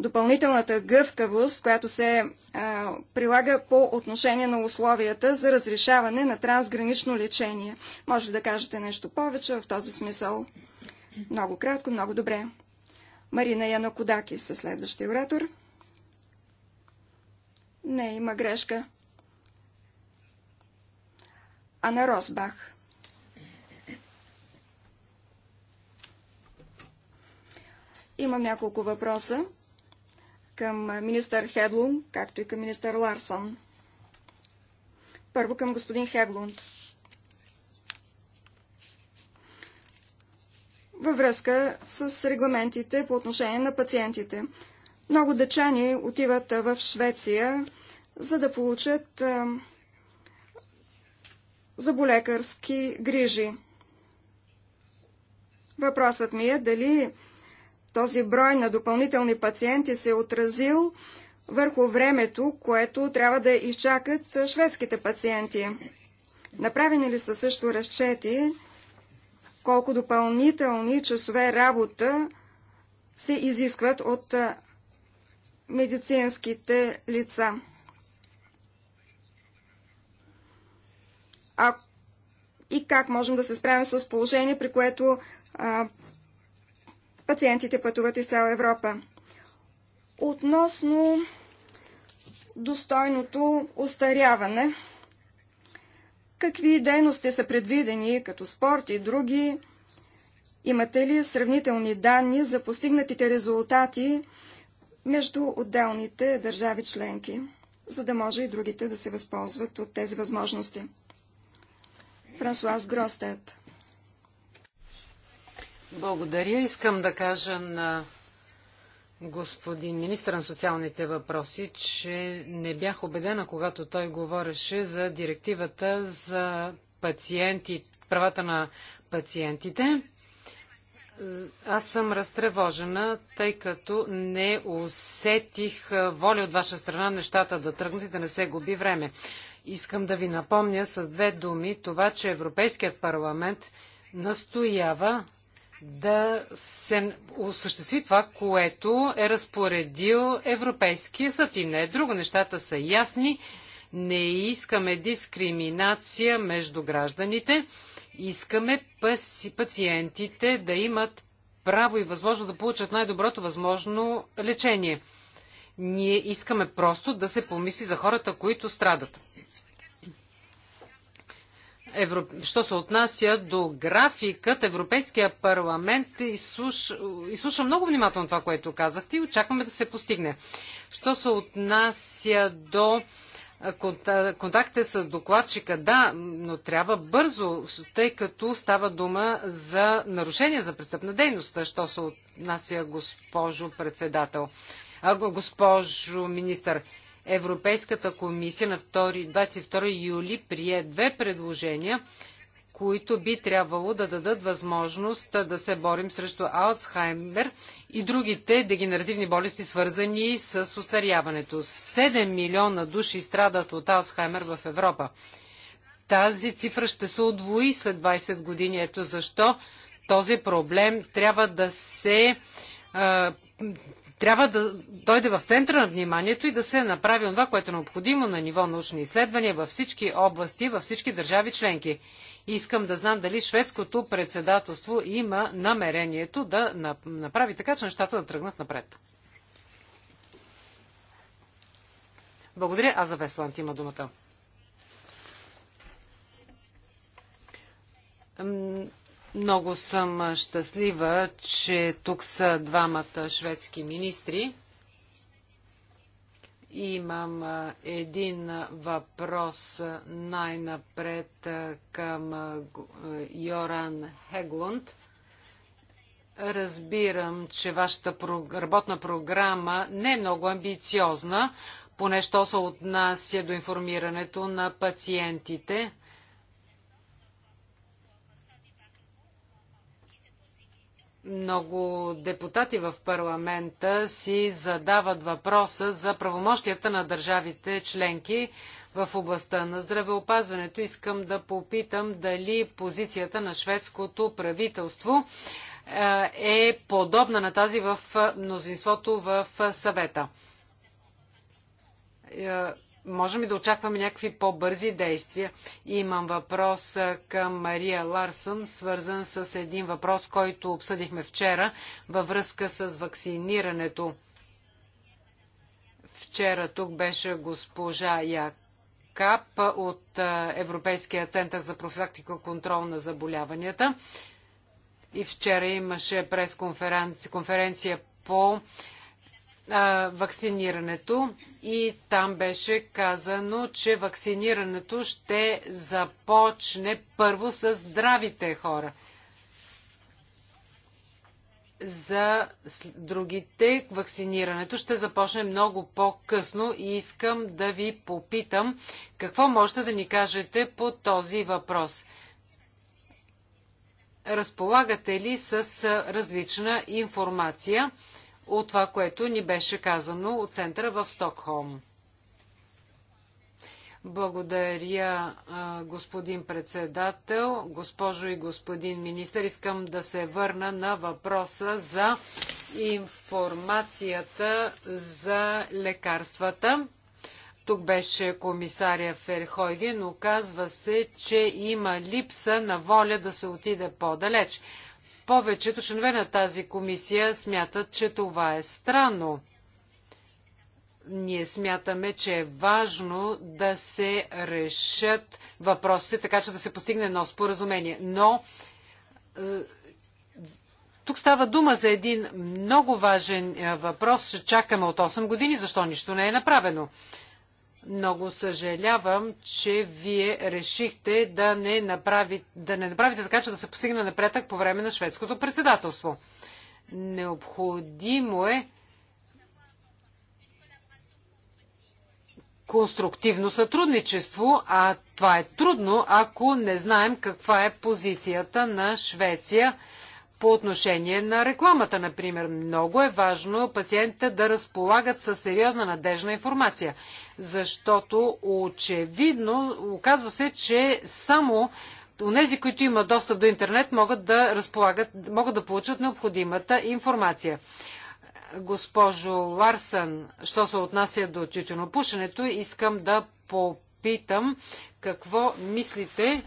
допълнителната гъвкавост, която се а, прилага по отношение на условията за разрешаване на трансгранично лечение. Може да кажете нещо повече в този смисъл? Много кратко, много добре. Марина Янокодаки със следващия оратор. Не, има грешка. Ана Росбах. Имам няколко въпроса към министър Хедлун, както и към министър Ларсон. Първо към господин Хеглунд. Във връзка с регламентите по отношение на пациентите. Много дъчани отиват в Швеция, за да получат заболекарски грижи. Въпросът ми е дали този брой на допълнителни пациенти се е отразил върху времето, което трябва да изчакат шведските пациенти. Направени ли са също разчети, колко допълнителни часове работа се изискват от медицинските лица? А и как можем да се справим с положение, при което а, Пациентите пътуват из цяла Европа. Относно достойното устаряване, какви дейности са предвидени, като спорт и други? Имате ли сравнителни данни за постигнатите резултати между отделните държави членки, за да може и другите да се възползват от тези възможности? Франсуаз Гростет
благодаря. Искам да кажа на господин министър на социалните въпроси, че не бях убедена, когато той говореше за директивата за пациенти, правата на пациентите. Аз съм разтревожена, тъй като не усетих воля от ваша страна нещата да тръгнат и да не се губи време. Искам да ви напомня с две думи това, че Европейският парламент настоява да се осъществи това, което е разпоредил Европейския съд и не е друго. Нещата са ясни. Не искаме дискриминация между гражданите. Искаме пациентите да имат право и възможно да получат най-доброто възможно лечение. Ние искаме просто да се помисли за хората, които страдат. Евро. Що се отнася до графикът, Европейския парламент изслуша... изслуша много внимателно това, което казахте и очакваме да се постигне. Що се отнася до контактите с докладчика, да, но трябва бързо, тъй като става дума за нарушение за престъпна дейност, що се отнася госпожо председател, госпожо министър. Европейската комисия на 22 юли прие две предложения, които би трябвало да дадат възможност да се борим срещу Алцхаймер и другите дегенеративни болести, свързани с устаряването. 7 милиона души страдат от Алцхаймер в Европа. Тази цифра ще се удвои след 20 години. Ето защо този проблем трябва да се трябва да дойде в центъра на вниманието и да се направи това, което е необходимо на ниво научни изследвания във всички области, във всички държави членки. Искам да знам дали шведското председателство има намерението да направи така, че нещата да тръгнат напред. Благодаря. за Весланд има думата. Много съм щастлива, че тук са двамата шведски министри. Имам един въпрос най-напред към Йоран Хеглунд. Разбирам, че вашата работна програма не е много амбициозна, поне що се отнася до информирането на пациентите – Много депутати в парламента си задават въпроса за правомощията на държавите членки в областта на здравеопазването. Искам да попитам дали позицията на шведското правителство е, е подобна на тази в мнозинството в съвета. Е, можем ли да очакваме някакви по-бързи действия? имам въпрос към Мария Ларсън, свързан с един въпрос, който обсъдихме вчера във връзка с вакцинирането. Вчера тук беше госпожа Якап от Европейския център за профилактика и контрол на заболяванията. И вчера имаше конференция по а, вакцинирането и там беше казано, че вакцинирането ще започне първо с здравите хора. За другите вакцинирането ще започне много по-късно и искам да ви попитам какво можете да ни кажете по този въпрос разполагате ли с различна информация от това, което ни беше казано от центъра в Стокхолм. Благодаря, господин председател. Госпожо и господин министър, искам да се върна на въпроса за информацията за лекарствата. Тук беше комисаря Ферхойген, но казва се, че има липса на воля да се отиде по-далеч повечето членове на тази комисия смятат, че това е странно. Ние смятаме, че е важно да се решат въпросите, така че да се постигне едно споразумение. Но е, тук става дума за един много важен е, въпрос. Чакаме от 8 години, защо нищо не е направено. Много съжалявам, че вие решихте да не, направи, да не направите така, че да се постигне напредък по време на шведското председателство. Необходимо е конструктивно сътрудничество, а това е трудно, ако не знаем каква е позицията на Швеция по отношение на рекламата, например. Много е важно пациентите да разполагат със сериозна надежна информация защото очевидно оказва се, че само Онези, които имат достъп до интернет, могат да разполагат, могат да получат необходимата информация. Госпожо Ларсън, що се отнася до тютюнопушенето, искам да попитам какво мислите.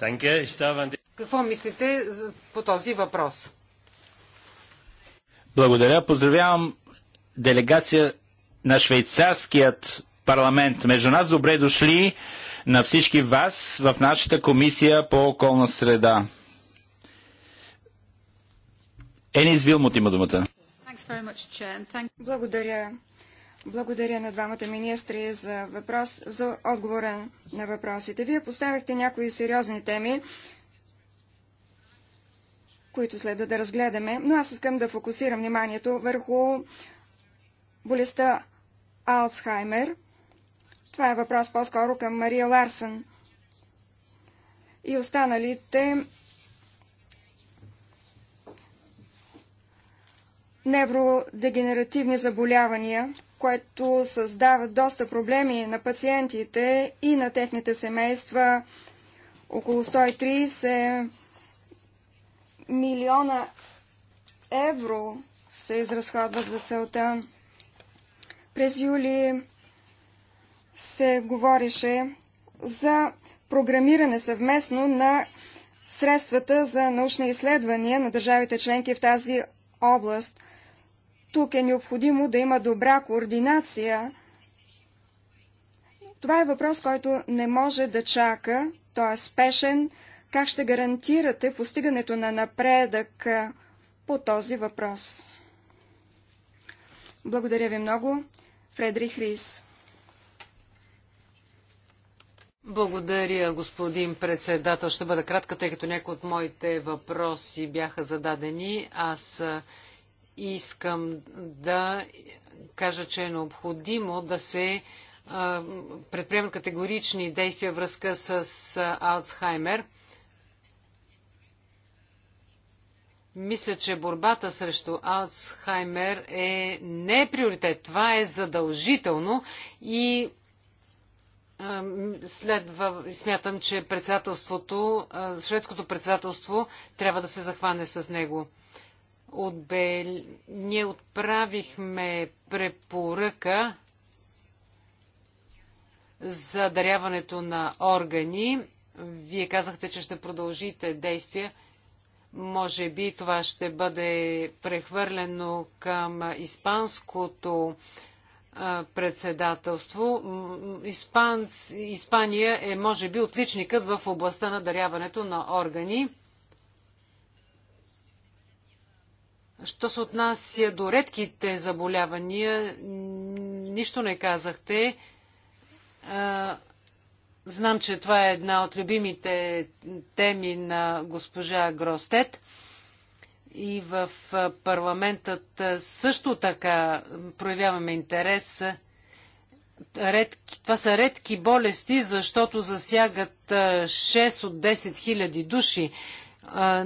Yeah. какво мислите по този въпрос?
Благодаря. Поздравявам делегация на швейцарският парламент. Между нас добре дошли на всички вас в нашата комисия по околна среда. Енис Вилмут има думата.
Благодаря. Благодаря на двамата министри за, въпрос, за отговора на въпросите. Вие поставихте някои сериозни теми, които следва да разгледаме, но аз искам да фокусирам вниманието върху болестта Алцхаймер. Това е въпрос по-скоро към Мария Ларсън. И останалите невродегенеративни заболявания, което създава доста проблеми на пациентите и на техните семейства. Около 130 милиона евро се изразходват за целта. През юли се говореше за програмиране съвместно на средствата за научни изследвания на държавите членки в тази област. Тук е необходимо да има добра координация. Това е въпрос, който не може да чака, той е спешен. Как ще гарантирате постигането на напредък по този въпрос? Благодаря ви много. Фредрих Рис.
Благодаря, господин председател. Ще бъда кратка, тъй като някои от моите въпроси бяха зададени. Аз искам да кажа, че е необходимо да се предприемат категорични действия връзка с Алцхаймер – Мисля, че борбата срещу Алцхаймер е не е приоритет. Това е задължително и следва, смятам, че председателството, шведското председателство трябва да се захване с него. Отбе... Ние отправихме препоръка за даряването на органи. Вие казахте, че ще продължите действия. Може би това ще бъде прехвърлено към испанското председателство. Испанц, Испания е, може би, отличникът в областта на даряването на органи. Що се отнася до редките заболявания, нищо не казахте. Знам, че това е една от любимите теми на госпожа Гростет. И в парламентът също така проявяваме интерес. Редки, това са редки болести, защото засягат 6 от 10 хиляди души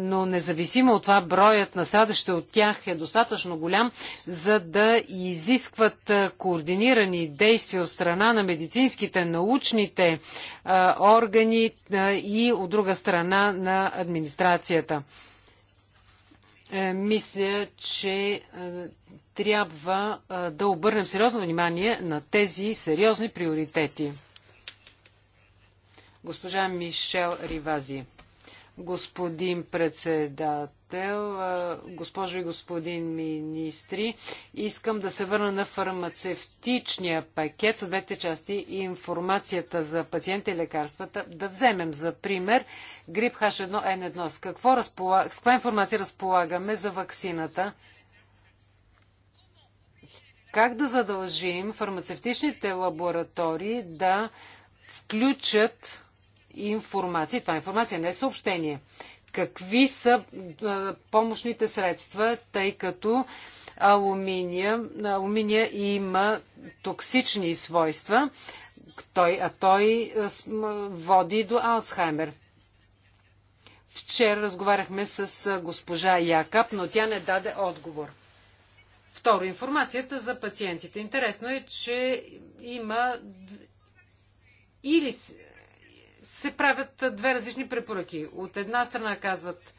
но независимо от това броят на страдащите от тях е достатъчно голям, за да изискват координирани действия от страна на медицинските, научните органи и от друга страна на администрацията. Е, мисля, че е, трябва е, да обърнем сериозно внимание на тези сериозни приоритети. Госпожа Мишел Ривази господин председател, госпожо и господин министри. Искам да се върна на фармацевтичния пакет с двете части и информацията за пациента и лекарствата. Да вземем за пример грип H1N1. С, какво разполаг... с каква информация разполагаме за ваксината? Как да задължим фармацевтичните лаборатории да включат информация. Това е информация, не е съобщение. Какви са помощните средства, тъй като алуминия, алуминия има токсични свойства, той, а той води до Алцхаймер. Вчера разговаряхме с госпожа Якап, но тя не даде отговор. Второ, информацията за пациентите. Интересно е, че има или се правят две различни препоръки. От една страна казват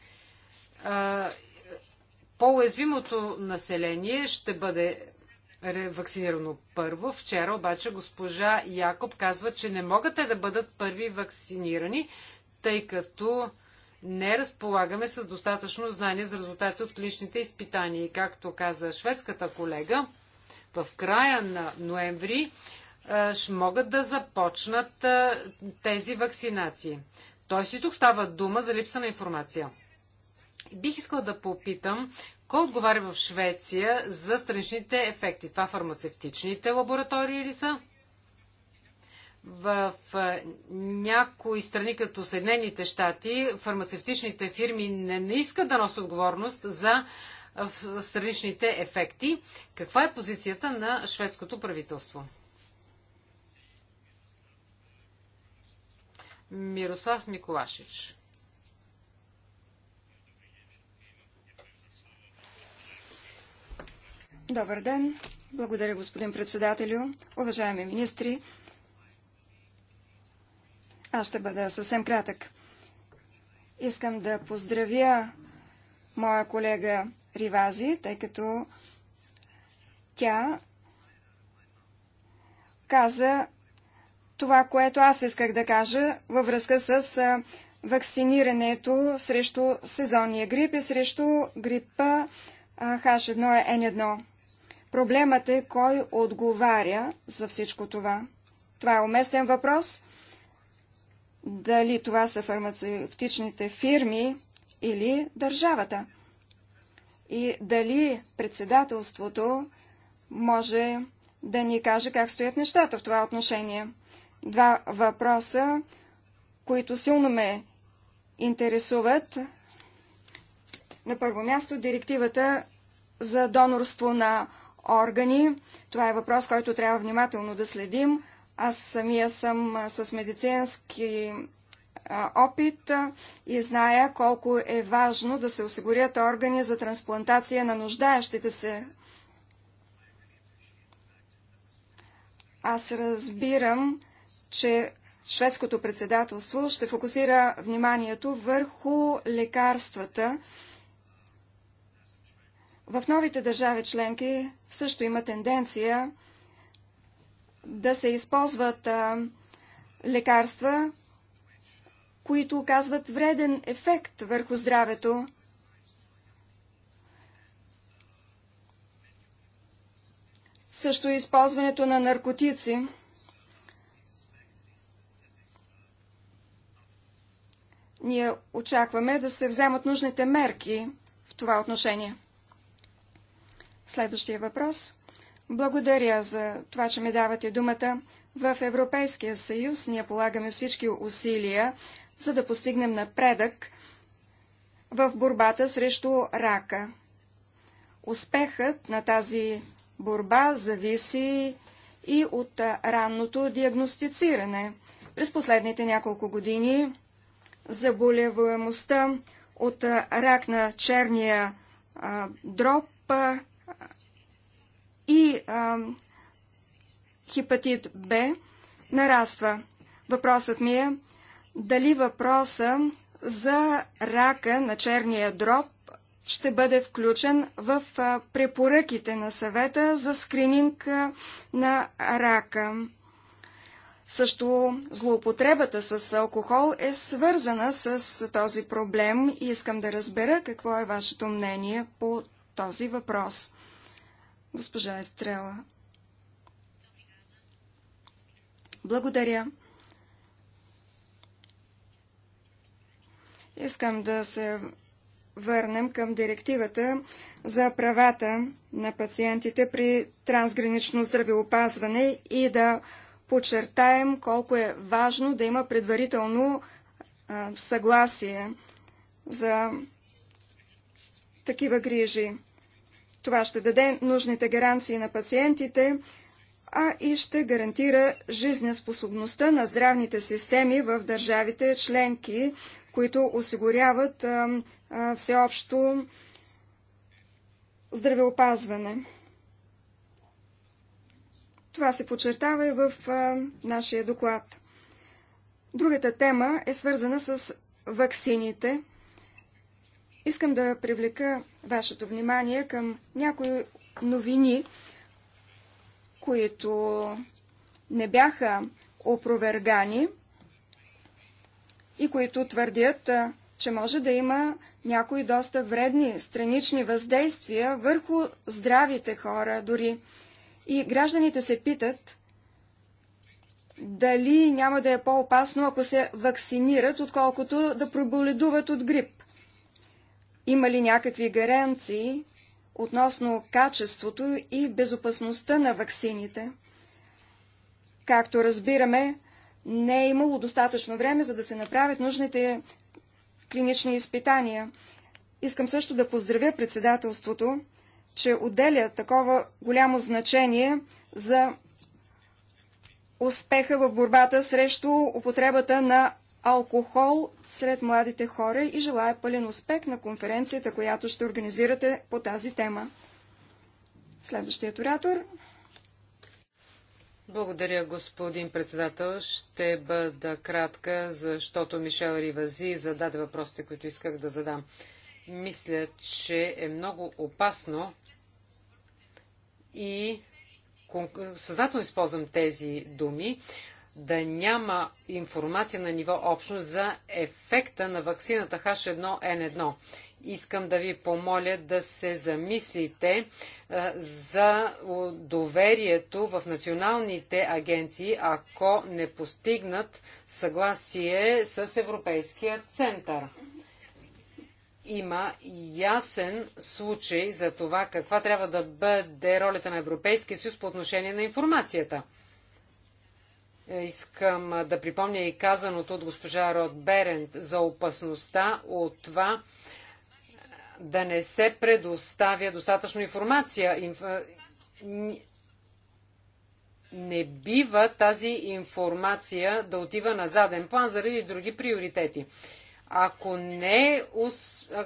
по-уязвимото население ще бъде вакцинирано първо. Вчера обаче госпожа Якоб казва, че не могат те да бъдат първи вакцинирани, тъй като не разполагаме с достатъчно знание за резултати от клиничните изпитания. И както каза шведската колега, в края на ноември ще могат да започнат тези вакцинации. Тоест и тук става дума за липса на информация. Бих искал да попитам, кой отговаря в Швеция за страничните ефекти? Това фармацевтичните лаборатории ли са? В някои страни, като Съединените щати, фармацевтичните фирми не, не искат да носят отговорност за страничните ефекти. Каква е позицията на шведското правителство? Мирослав Миколашич.
Добър ден! Благодаря, господин председателю. Уважаеми министри, аз ще бъда съвсем кратък. Искам да поздравя моя колега Ривази, тъй като тя каза това, което аз исках да кажа във връзка с вакцинирането срещу сезонния грип и срещу грипа H1N1. Проблемът е кой отговаря за всичко това. Това е уместен въпрос. Дали това са фармацевтичните фирми или държавата? И дали председателството може да ни каже как стоят нещата в това отношение? два въпроса, които силно ме интересуват. На първо място директивата за донорство на органи. Това е въпрос, който трябва внимателно да следим. Аз самия съм с медицински опит и зная колко е важно да се осигурят органи за трансплантация на нуждаещите се. Аз разбирам, че шведското председателство ще фокусира вниманието върху лекарствата. В новите държави членки също има тенденция да се използват а, лекарства, които оказват вреден ефект върху здравето. Също използването на наркотици – Ние очакваме да се вземат нужните мерки в това отношение. Следващия въпрос. Благодаря за това, че ми давате думата. В Европейския съюз ние полагаме всички усилия, за да постигнем напредък в борбата срещу рака. Успехът на тази борба зависи и от ранното диагностициране. През последните няколко години заболеваемостта от рак на черния дроп дроб и хепатит Б нараства. Въпросът ми е дали въпроса за рака на черния дроб ще бъде включен в препоръките на съвета за скрининг на рака. Също злоупотребата с алкохол е свързана с този проблем и искам да разбера какво е вашето мнение по този въпрос. Госпожа Естрела. Благодаря. Искам да се върнем към директивата за правата на пациентите при трансгранично здравеопазване и да подчертаем колко е важно да има предварително а, съгласие за такива грижи. Това ще даде нужните гаранции на пациентите, а и ще гарантира жизнеспособността на здравните системи в държавите членки, които осигуряват а, а, всеобщо здравеопазване. Това се подчертава и в а, нашия доклад. Другата тема е свързана с ваксините. Искам да привлека вашето внимание към някои новини, които не бяха опровергани и които твърдят, че може да има някои доста вредни странични въздействия върху здравите хора дори. И гражданите се питат дали няма да е по-опасно, ако се вакцинират, отколкото да проболедуват от грип. Има ли някакви гаранции относно качеството и безопасността на ваксините? Както разбираме, не е имало достатъчно време, за да се направят нужните клинични изпитания. Искам също да поздравя председателството че отделя такова голямо значение за успеха в борбата срещу употребата на алкохол сред младите хора и желая пълен успех на конференцията, която ще организирате по тази тема. Следващият оратор.
Благодаря, господин председател. Ще бъда кратка, защото Мишел Ривази зададе въпросите, които исках да задам мисля, че е много опасно и съзнателно използвам тези думи, да няма информация на ниво общо за ефекта на вакцината H1N1. Искам да ви помоля да се замислите за доверието в националните агенции, ако не постигнат съгласие с Европейския център има ясен случай за това каква трябва да бъде ролята на Европейския съюз по отношение на информацията. Искам да припомня и казаното от госпожа Род Берент за опасността от това да не се предоставя достатъчно информация. Не бива тази информация да отива на заден план заради други приоритети. Ако не,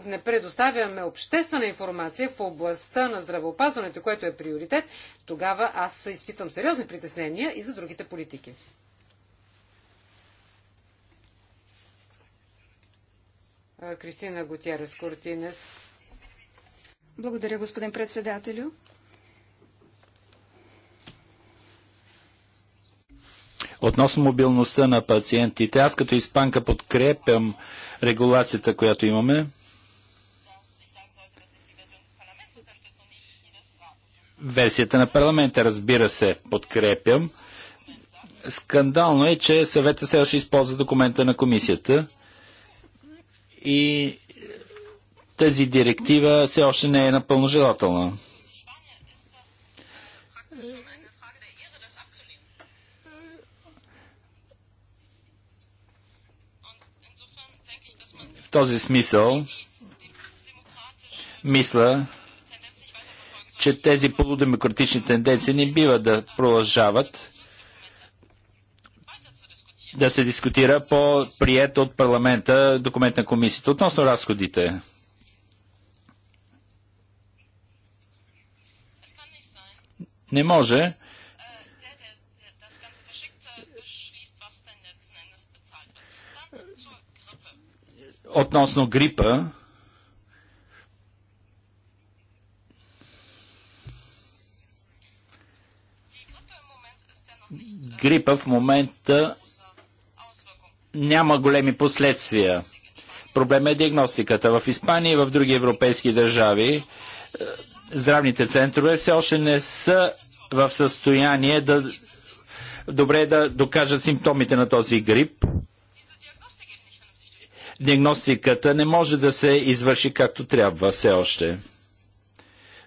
не предоставяме обществена информация в областта на здравеопазването, което е приоритет, тогава аз изпитвам сериозни притеснения и за другите политики. Кристина Готярес
Кортинес. Благодаря, господин председателю.
Относно мобилността на пациентите, аз като испанка подкрепям регулацията, която имаме. Версията на парламента, разбира се, подкрепям. Скандално е, че съвета все още използва документа на комисията и тази директива все още не е напълно желателна. този смисъл мисля, че тези полудемократични тенденции не бива да продължават да се дискутира по прият от парламента документ на комисията относно разходите. Не може Относно грипа, грипа в момента няма големи последствия. Проблема е диагностиката. В Испания и в други европейски държави е, здравните центрове все още не са в състояние да добре да докажат симптомите на този грип диагностиката не може да се извърши както трябва все още,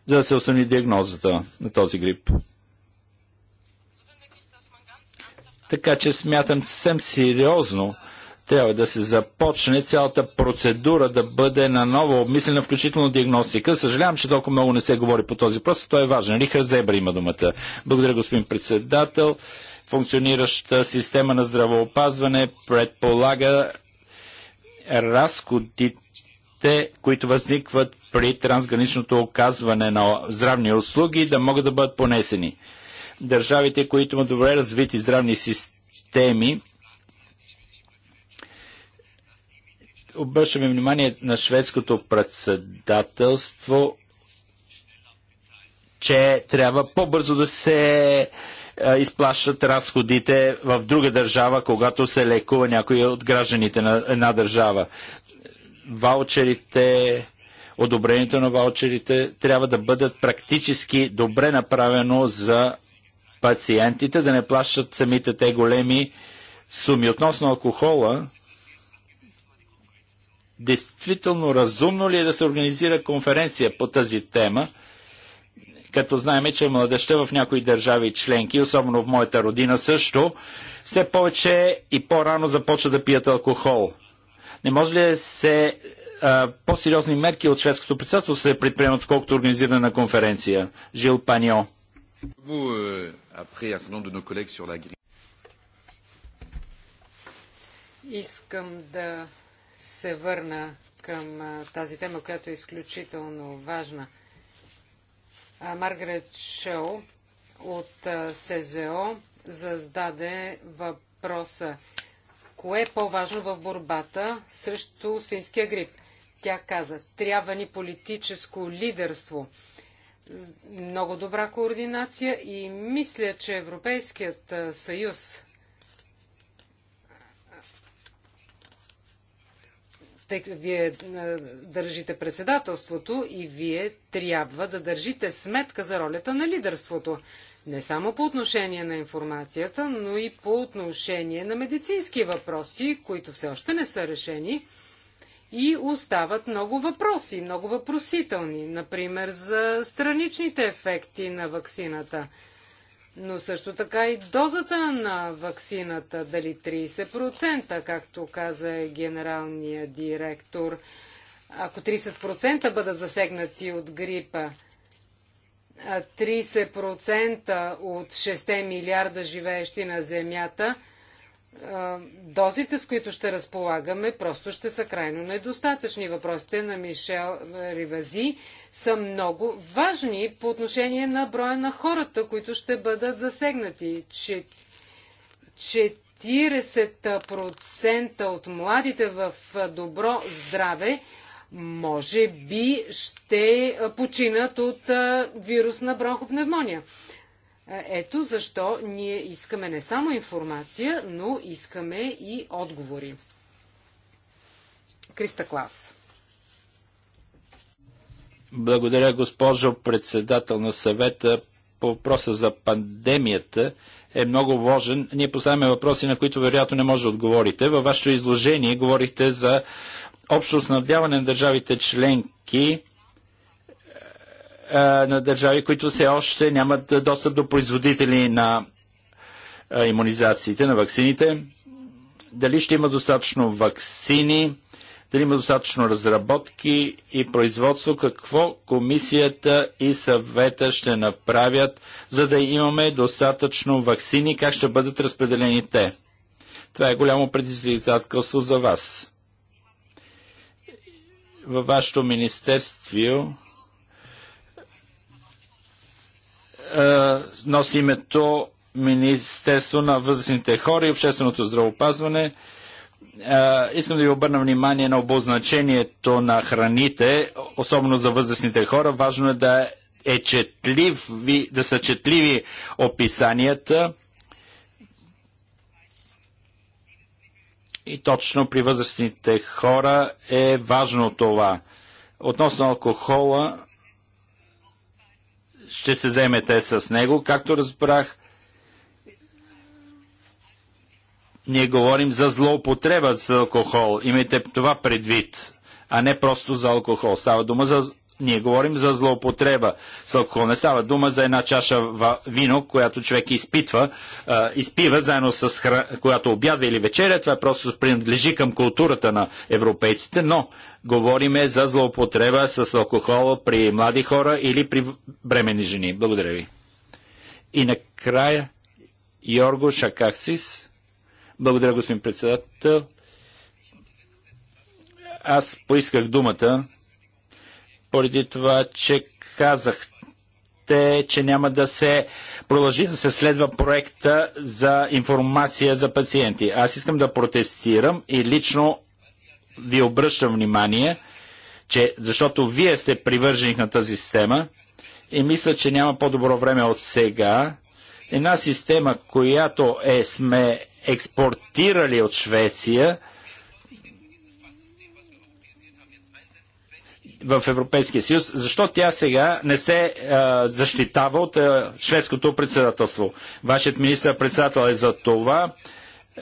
за да се установи диагнозата на този грип. Така че смятам съвсем сериозно, трябва да се започне цялата процедура да бъде наново обмислена, включително диагностика. Съжалявам, че толкова много не се говори по този въпрос, той е важен. Рихард Зебра има думата. Благодаря, господин председател. Функционираща система на здравоопазване предполага разходите, които възникват при трансграничното оказване на здравни услуги, да могат да бъдат понесени. Държавите, които имат добре развити здравни системи, обръщаме внимание на шведското председателство, че трябва по-бързо да се изплащат разходите в друга държава, когато се лекува някой от гражданите на една държава. Ваучерите, одобрението на ваучерите трябва да бъдат практически добре направено за пациентите, да не плащат самите те големи суми. Относно алкохола, действително разумно ли е да се организира конференция по тази тема? като знаем, че младеща в някои държави членки, особено в моята родина също, все повече и по-рано започва да пият алкохол. Не може ли да се по-сериозни мерки от шведското председателство се предприемат, колкото организиране на конференция? Жил Паньо.
Искам да се върна към тази тема, която е изключително важна. Маргарет Шоу от СЗО зададе въпроса кое е по-важно в борбата срещу свинския грип. Тя каза, трябва ни политическо лидерство, много добра координация и мисля, че Европейският съюз те, вие е, държите председателството и вие трябва да държите сметка за ролята на лидерството. Не само по отношение на информацията, но и по отношение на медицински въпроси, които все още не са решени. И остават много въпроси, много въпросителни, например за страничните ефекти на ваксината но също така и дозата на ваксината, дали 30%, както каза генералния директор. Ако 30% бъдат засегнати от грипа, 30% от 6 милиарда живеещи на Земята – дозите, с които ще разполагаме, просто ще са крайно недостатъчни. Въпросите на Мишел Ривази са много важни по отношение на броя на хората, които ще бъдат засегнати. 40% от младите в добро здраве може би ще починат от вирус на бронхопневмония. Ето защо ние искаме не само информация, но искаме и отговори. Криста Клас.
Благодаря, госпожо председател на съвета. По въпроса за пандемията е много важен. Ние поставяме въпроси, на които вероятно не може да отговорите. Във вашето изложение говорихте за общо снабдяване на държавите членки е, на държави, които все още нямат достъп до производители на е, иммунизациите, на ваксините. Дали ще има достатъчно ваксини, дали има достатъчно разработки и производство, какво комисията и съвета ще направят, за да имаме достатъчно ваксини, как ще бъдат разпределени те. Това е голямо предизвикателство за вас. Във вашето министерство Е, носи името Министерство на възрастните хора и общественото здравопазване. Е, искам да ви обърна внимание на обозначението на храните, особено за възрастните хора. Важно е да е четлив, да са четливи описанията. И точно при възрастните хора е важно това. Относно алкохола, ще се вземете с него, както разбрах. Ние говорим за злоупотреба с алкохол. Имайте това предвид, а не просто за алкохол. Става дума за ние говорим за злоупотреба с алкохол. Не става дума за една чаша вино, която човек изпитва, изпива заедно с хра... която обядва или вечеря. Това просто принадлежи към културата на европейците, но говориме за злоупотреба с алкохол при млади хора или при бремени жени. Благодаря ви. И накрая Йорго Шакаксис. Благодаря, господин председател. Аз поисках думата поради това, че казахте, че няма да се продължи да се следва проекта за информация за пациенти. Аз искам да протестирам и лично ви обръщам внимание, че защото вие сте привърженик на тази система и мисля, че няма по-добро време от сега. Една система, която е, сме експортирали от Швеция, в Европейския съюз, защо тя сега не се а, е, защитава от а, е, шведското председателство? Вашият министр-председател е за това.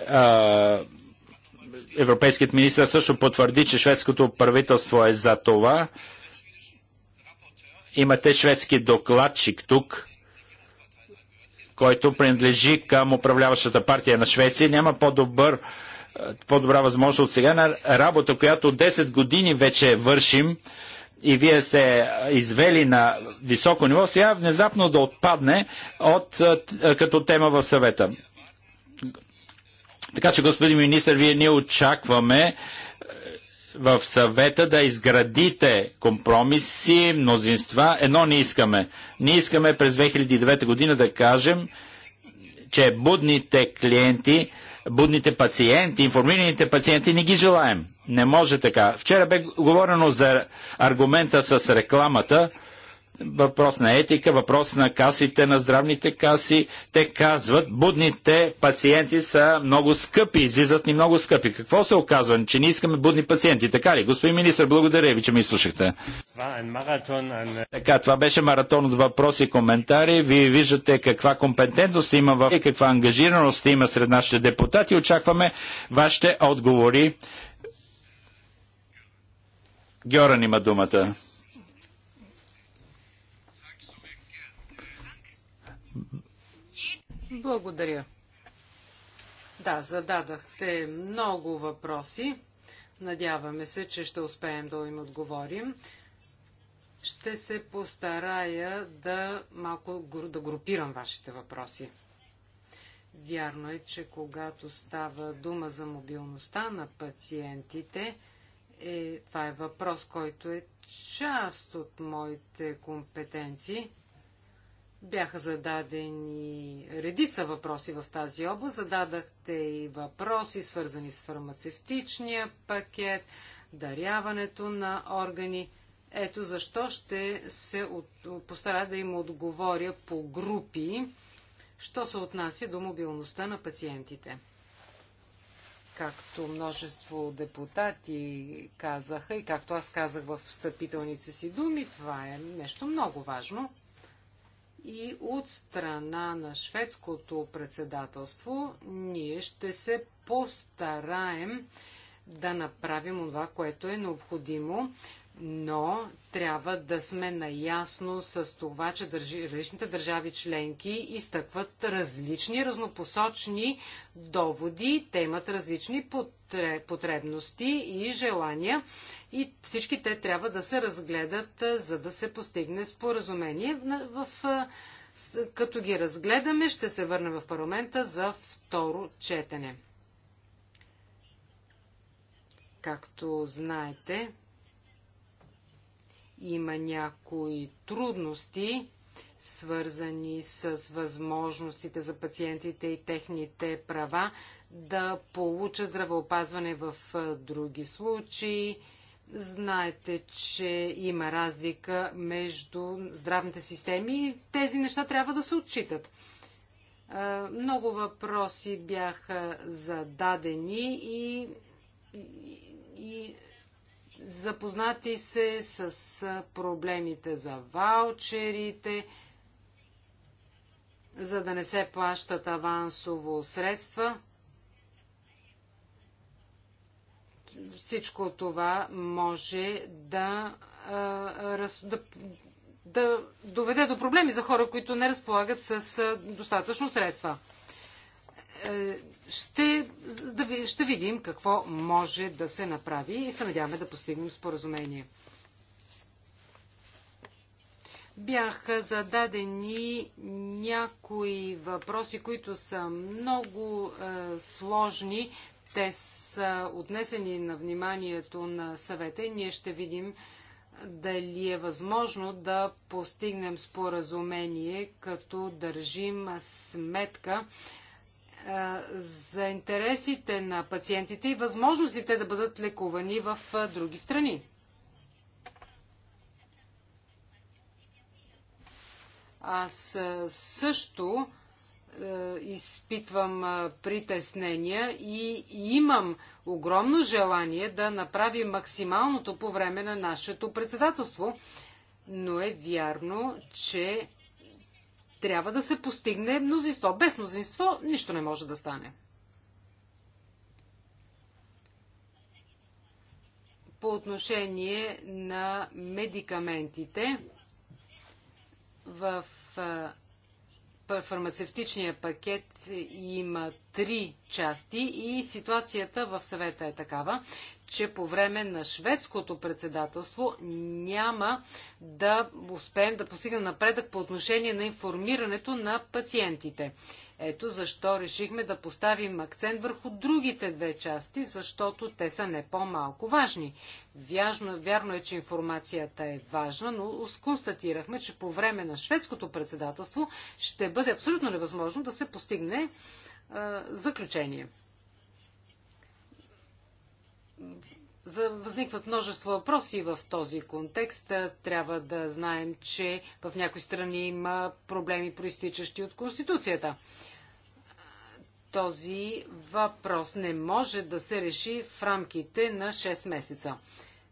А, е, Европейският министр също потвърди, че шведското правителство е за това. Имате шведски докладчик тук, който принадлежи към управляващата партия на Швеция. Няма по-добър по-добра възможност от сега на работа, която 10 години вече вършим и вие сте извели на високо ниво, сега внезапно да отпадне от, като тема в съвета. Така че, господин министр, вие ние очакваме в съвета да изградите компромиси, мнозинства. Едно не искаме. Не искаме през 2009 година да кажем, че будните клиенти – будните пациенти, информираните пациенти не ги желаем. Не може така. Вчера бе говорено за аргумента с рекламата – въпрос на етика, въпрос на касите, на здравните каси. Те казват, будните пациенти са много скъпи, излизат ни много скъпи. Какво се оказва? Че не искаме будни пациенти, така ли? Господин министр, благодаря ви, че ме изслушахте. Така, това беше маратон от въпроси и коментари. Вие виждате каква компетентност има в... и каква ангажираност има сред нашите депутати. Очакваме вашите отговори. Георан има думата.
Благодаря. Да, зададахте много въпроси. Надяваме се, че ще успеем да им отговорим. Ще се постарая да малко да групирам вашите въпроси. Вярно е, че когато става дума за мобилността на пациентите, е, това е въпрос, който е част от моите компетенции. Бяха зададени редица въпроси в тази област. Зададахте и въпроси, свързани с фармацевтичния пакет, даряването на органи. Ето защо ще се от... постара да им отговоря по групи, що се отнася до мобилността на пациентите. Както множество депутати казаха и както аз казах в встъпителните си думи, това е нещо много важно и от страна на шведското председателство ние ще се постараем да направим това, което е необходимо, но трябва да сме наясно с това, че различните държави членки изтъкват различни разнопосочни доводи, те имат различни потребности и желания и всички те трябва да се разгледат, за да се постигне споразумение. В, като ги разгледаме, ще се върнем в парламента за второ четене. Както знаете, има някои трудности, свързани с възможностите за пациентите и техните права да получат здравеопазване в други случаи. Знаете, че има разлика между здравните системи и тези неща трябва да се отчитат. Много въпроси бяха зададени и, и, и запознати се с проблемите за ваучерите, за да не се плащат авансово средства. Всичко това може да, да, да доведе до проблеми за хора, които не разполагат с достатъчно средства. Е, ще, да ви, ще видим какво може да се направи и се надяваме да постигнем споразумение. Бяха зададени някои въпроси, които са много е, сложни. Те са отнесени на вниманието на съвета и ние ще видим е, дали е възможно да постигнем споразумение, като държим сметка за интересите на пациентите и възможностите да бъдат лекувани в други страни. Аз също изпитвам притеснения и имам огромно желание да направим максималното по време на нашето председателство. Но е вярно, че трябва да се постигне мнозинство. Без мнозинство нищо не може да стане. По отношение на медикаментите в фармацевтичния пакет имат три части и ситуацията в съвета е такава, че по време на шведското председателство няма да успеем да постигнем напредък по отношение на информирането на пациентите. Ето защо решихме да поставим акцент върху другите две части, защото те са не по-малко важни. Вяжно, вярно е, че информацията е важна, но констатирахме, че по време на шведското председателство ще бъде абсолютно невъзможно да се постигне Заключение. За, възникват множество въпроси в този контекст. Трябва да знаем, че в някои страни има проблеми, проистичащи от Конституцията. Този въпрос не може да се реши в рамките на 6 месеца.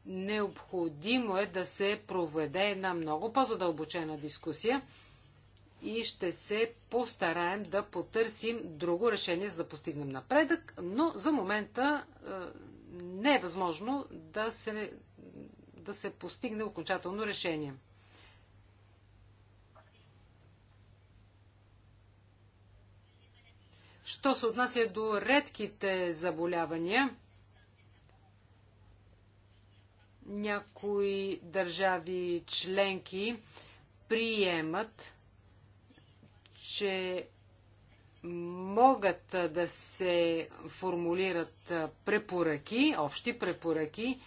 Необходимо е да се проведе една много по-задълбочена дискусия и ще се постараем да потърсим друго решение, за да постигнем напредък, но за момента е, не е възможно да се, да се постигне окончателно решение. Що се отнася до редките заболявания, някои държави членки приемат че могат да се формулират препоръки, общи препоръки.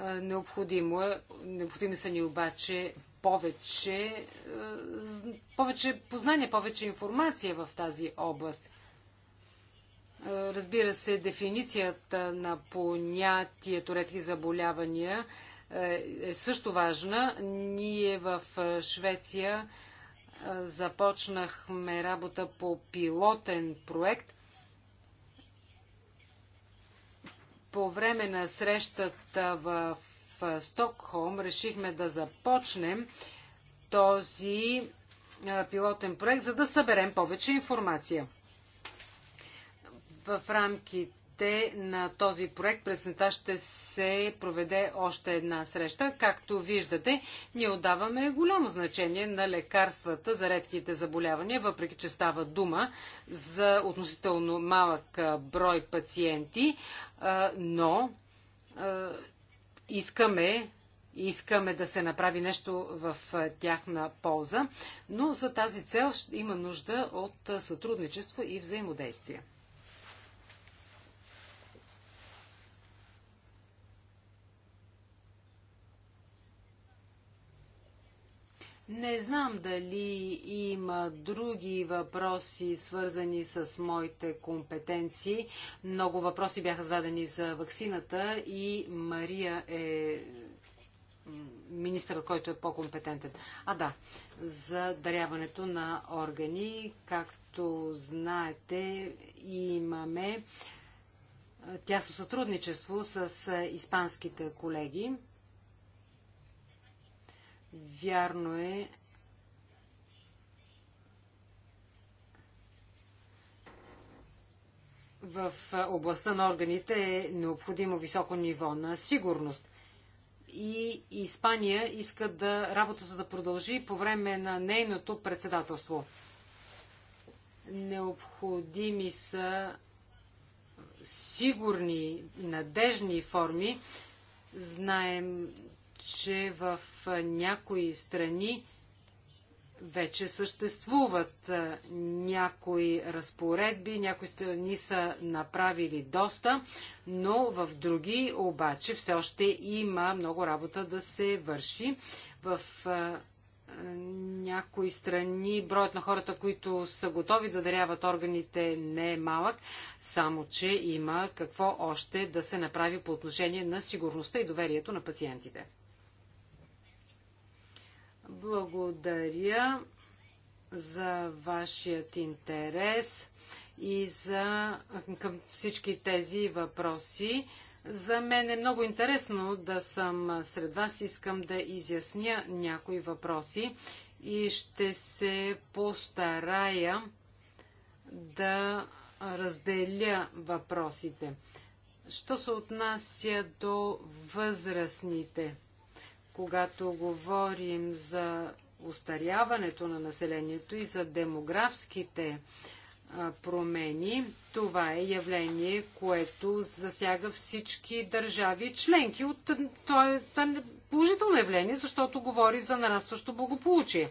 Необходимо е, необходими са ни обаче повече, повече познание, повече информация в тази област. Разбира се, дефиницията на понятието редки заболявания е, е също важна. Ние в Швеция започнахме работа по пилотен проект. По време на срещата в Стокхолм решихме да започнем този пилотен проект, за да съберем повече информация. В рамките рамките на този проект през ще се проведе още една среща. Както виждате, ние отдаваме голямо значение на лекарствата за редките заболявания, въпреки че става дума за относително малък брой пациенти, но искаме искаме да се направи нещо в тяхна полза, но за тази цел има нужда от сътрудничество и взаимодействие. Не знам дали има други въпроси, свързани с моите компетенции. Много въпроси бяха зададени за ваксината и Мария е министърът, който е по-компетентен. А да, за даряването на органи, както знаете, имаме тясно сътрудничество с испанските колеги. Вярно е, в областта на органите е необходимо високо ниво на сигурност. И Испания иска да работата да продължи по време на нейното председателство. Необходими са сигурни, надежни форми. Знаем, че в някои страни вече съществуват някои разпоредби, някои страни са направили доста, но в други обаче все още има много работа да се върши. В някои страни броят на хората, които са готови да даряват органите не е малък, само че има какво още да се направи по отношение на сигурността и доверието на пациентите. Благодаря за вашият интерес и за, към всички тези въпроси. За мен е много интересно да съм сред вас. Искам да изясня някои въпроси и ще се постарая да разделя въпросите. Що се отнася до възрастните? Когато говорим за устаряването на населението и за демографските промени. Това е явление, което засяга всички държави членки. От, е, то е положително явление, защото говори за нарастващо благополучие.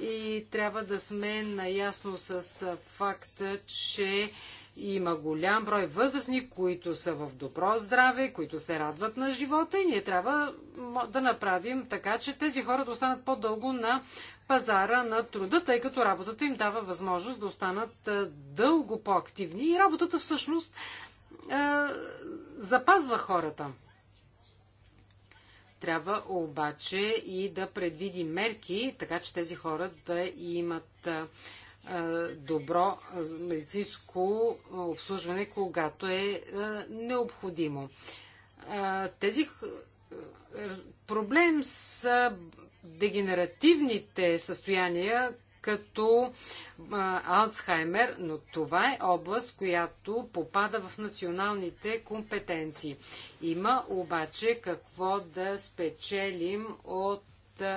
И трябва да сме наясно с факта, че има голям брой възрастни, които са в добро здраве, които се радват на живота и ние трябва да направим така, че тези хора да останат по-дълго на пазара на труда, тъй като работата им дава възможност да останат дълго по-активни и работата всъщност е, запазва хората. Трябва обаче и да предвиди мерки, така че тези хора да имат е, добро е, медицинско обслужване, когато е, е необходимо. Тези проблем с дегенеративните състояния, като Алцхаймер, но това е област, която попада в националните компетенции. Има обаче какво да спечелим от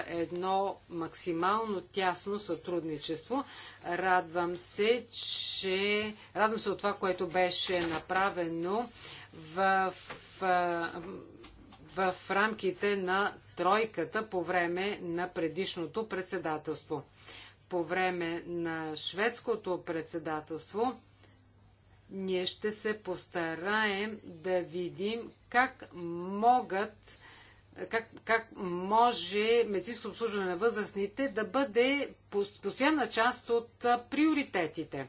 едно максимално тясно сътрудничество. Радвам се, че... Радвам се от това, което беше направено в, в, в рамките на тройката по време на предишното председателство. По време на шведското председателство ние ще се постараем да видим как могат как, как може медицинско обслужване на възрастните да бъде постоянна част от приоритетите.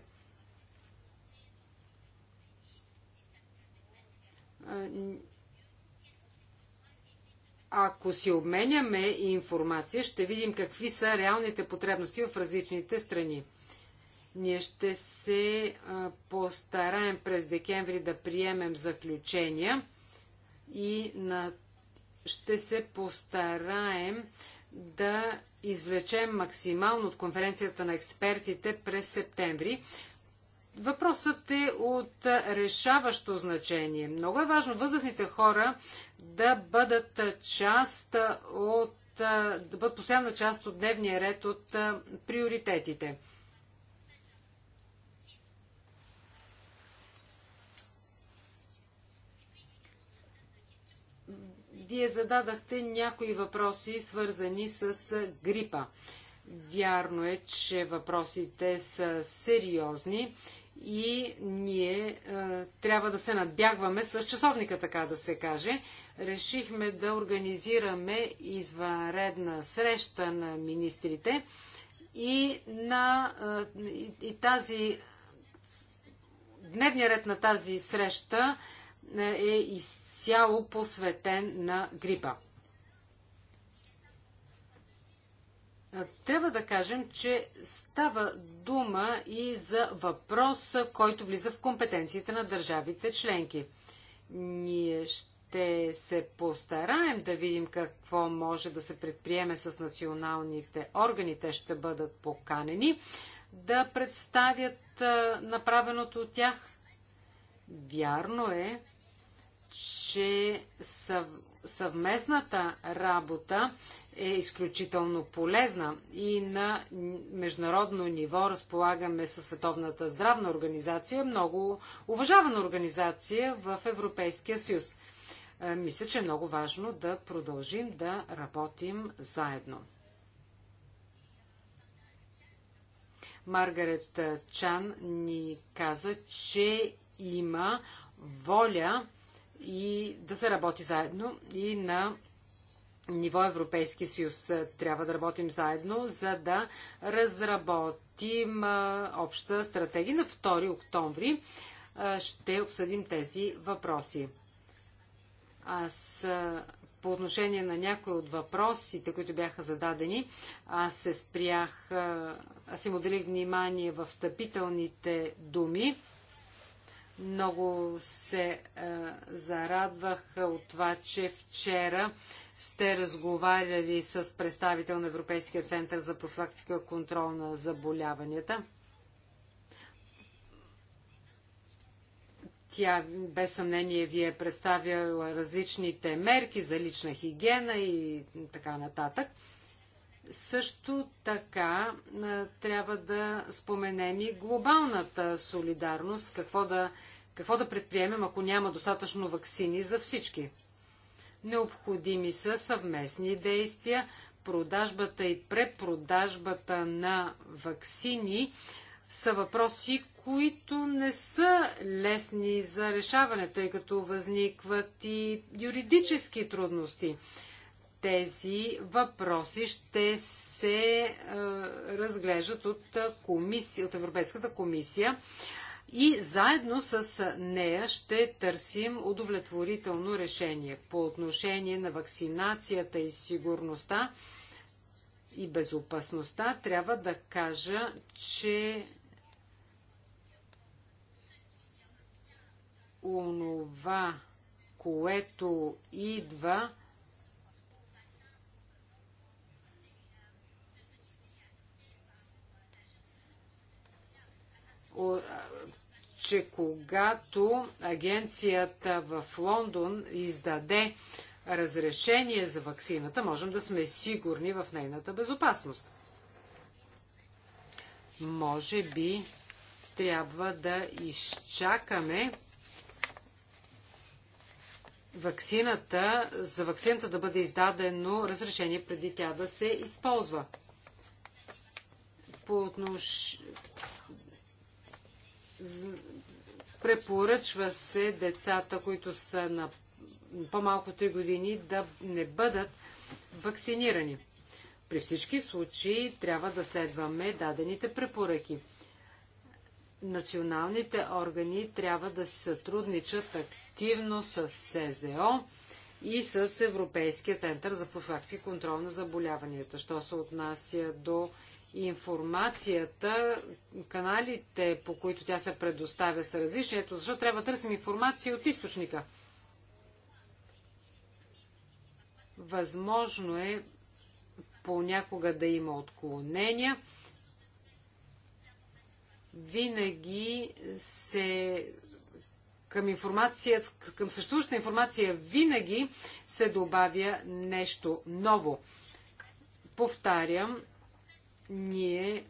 Ако си обменяме информация, ще видим какви са реалните потребности в различните страни. Ние ще се постараем през декември да приемем заключения и на ще се постараем да извлечем максимално от конференцията на експертите през септември. Въпросът е от решаващо значение. Много е важно възрастните хора да бъдат част от да бъдат постоянна част от дневния ред от приоритетите. Вие зададахте някои въпроси, свързани с грипа. Вярно е, че въпросите са сериозни и ние е, трябва да се надбягваме с часовника, така да се каже. Решихме да организираме извънредна среща на министрите и, на, е, и тази дневният ред на тази среща е из изцяло посветен на грипа. Трябва да кажем, че става дума и за въпрос, който влиза в компетенциите на държавите членки. Ние ще се постараем да видим какво може да се предприеме с националните органи. Те ще бъдат поканени да представят направеното от тях. Вярно е, че съв, съвместната работа е изключително полезна и на международно ниво разполагаме със Световната здравна организация, много уважавана организация в Европейския съюз. Е, мисля, че е много важно да продължим да работим заедно. Маргарет Чан ни каза, че има воля и да се работи заедно и на ниво Европейски съюз. Трябва да работим заедно, за да разработим обща стратегия. На 2 октомври ще обсъдим тези въпроси. Аз по отношение на някои от въпросите, които бяха зададени, аз се спрях, аз им отделих внимание в встъпителните думи. Много се е, зарадвах от това, че вчера сте разговаряли с представител на Европейския център за профилактика и контрол на заболяванията. Тя без съмнение ви е представила различните мерки за лична хигиена и така нататък. Също така трябва да споменем и глобалната солидарност, какво да, какво да предприемем, ако няма достатъчно вакцини за всички. Необходими са съвместни действия, продажбата и препродажбата на вакцини са въпроси, които не са лесни за решаване, тъй като възникват и юридически трудности тези въпроси ще се а, разглеждат от, комисия, от Европейската комисия и заедно с нея ще търсим удовлетворително решение по отношение на вакцинацията и сигурността и безопасността. Трябва да кажа, че онова, което идва че когато агенцията в Лондон издаде разрешение за ваксината, можем да сме сигурни в нейната безопасност. Може би трябва да изчакаме ваксината, за ваксината да бъде издадено разрешение преди тя да се използва. По отнош... Препоръчва се децата, които са на по-малко 3 години, да не бъдат вакцинирани. При всички случаи трябва да следваме дадените препоръки. Националните органи трябва да се сътрудничат активно с СЗО и с Европейския център за профилактика и контрол на заболяванията. Що се отнася до информацията, каналите, по които тя се предоставя, са различни, ето защо трябва да търсим информация от източника. Възможно е понякога да има отклонения. Винаги се към информация, към съществуваща информация винаги се добавя нещо ново. Повтарям, ние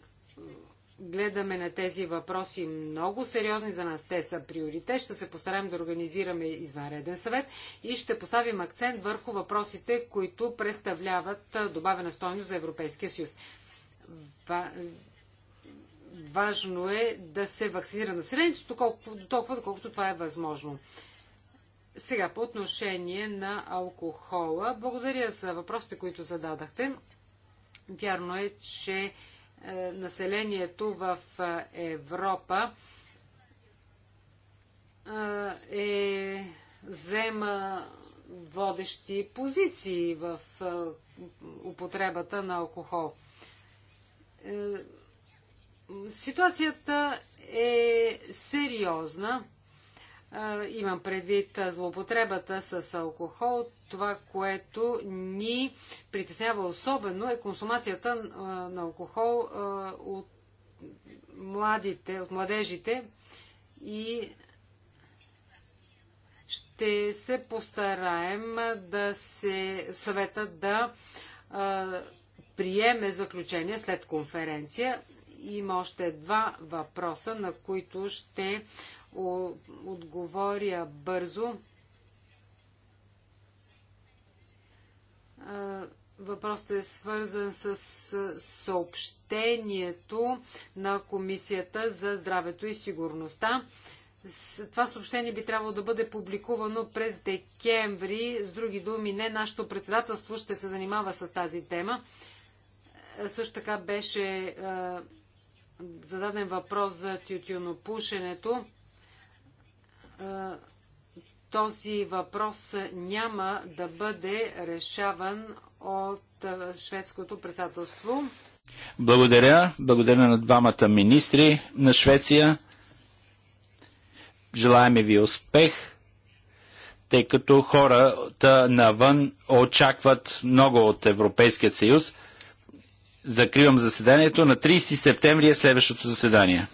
гледаме на тези въпроси много сериозни за нас. Те са приоритет. Ще се постараем да организираме извънреден съвет и ще поставим акцент върху въпросите, които представляват добавена стойност за Европейския съюз. Важно е да се вакцинира населението до толкова, доколкото това е възможно. Сега, по отношение на алкохола, благодаря за въпросите, които зададахте. Вярно е, че е, населението в е, Европа е, е взема водещи позиции в употребата на алкохол. Ситуацията е сериозна. Имам предвид злоупотребата с алкохол. Това, което ни притеснява особено е консумацията на алкохол от младите, от младежите и ще се постараем да се съвета да приеме заключение след конференция. Има още два въпроса, на които ще отговоря бързо. Въпросът е свързан с съобщението на Комисията за здравето и сигурността. Това съобщение би трябвало да бъде публикувано през декември. С други думи, не нашето председателство ще се занимава с тази тема. Също така беше зададен въпрос за тютюнопушенето. пушенето е, този въпрос няма да бъде решаван от е, шведското председателство.
Благодаря. Благодаря на двамата министри на Швеция. Желаем ви успех, тъй като хората навън очакват много от Европейския съюз. Закривам заседанието. На 30 септември е следващото заседание.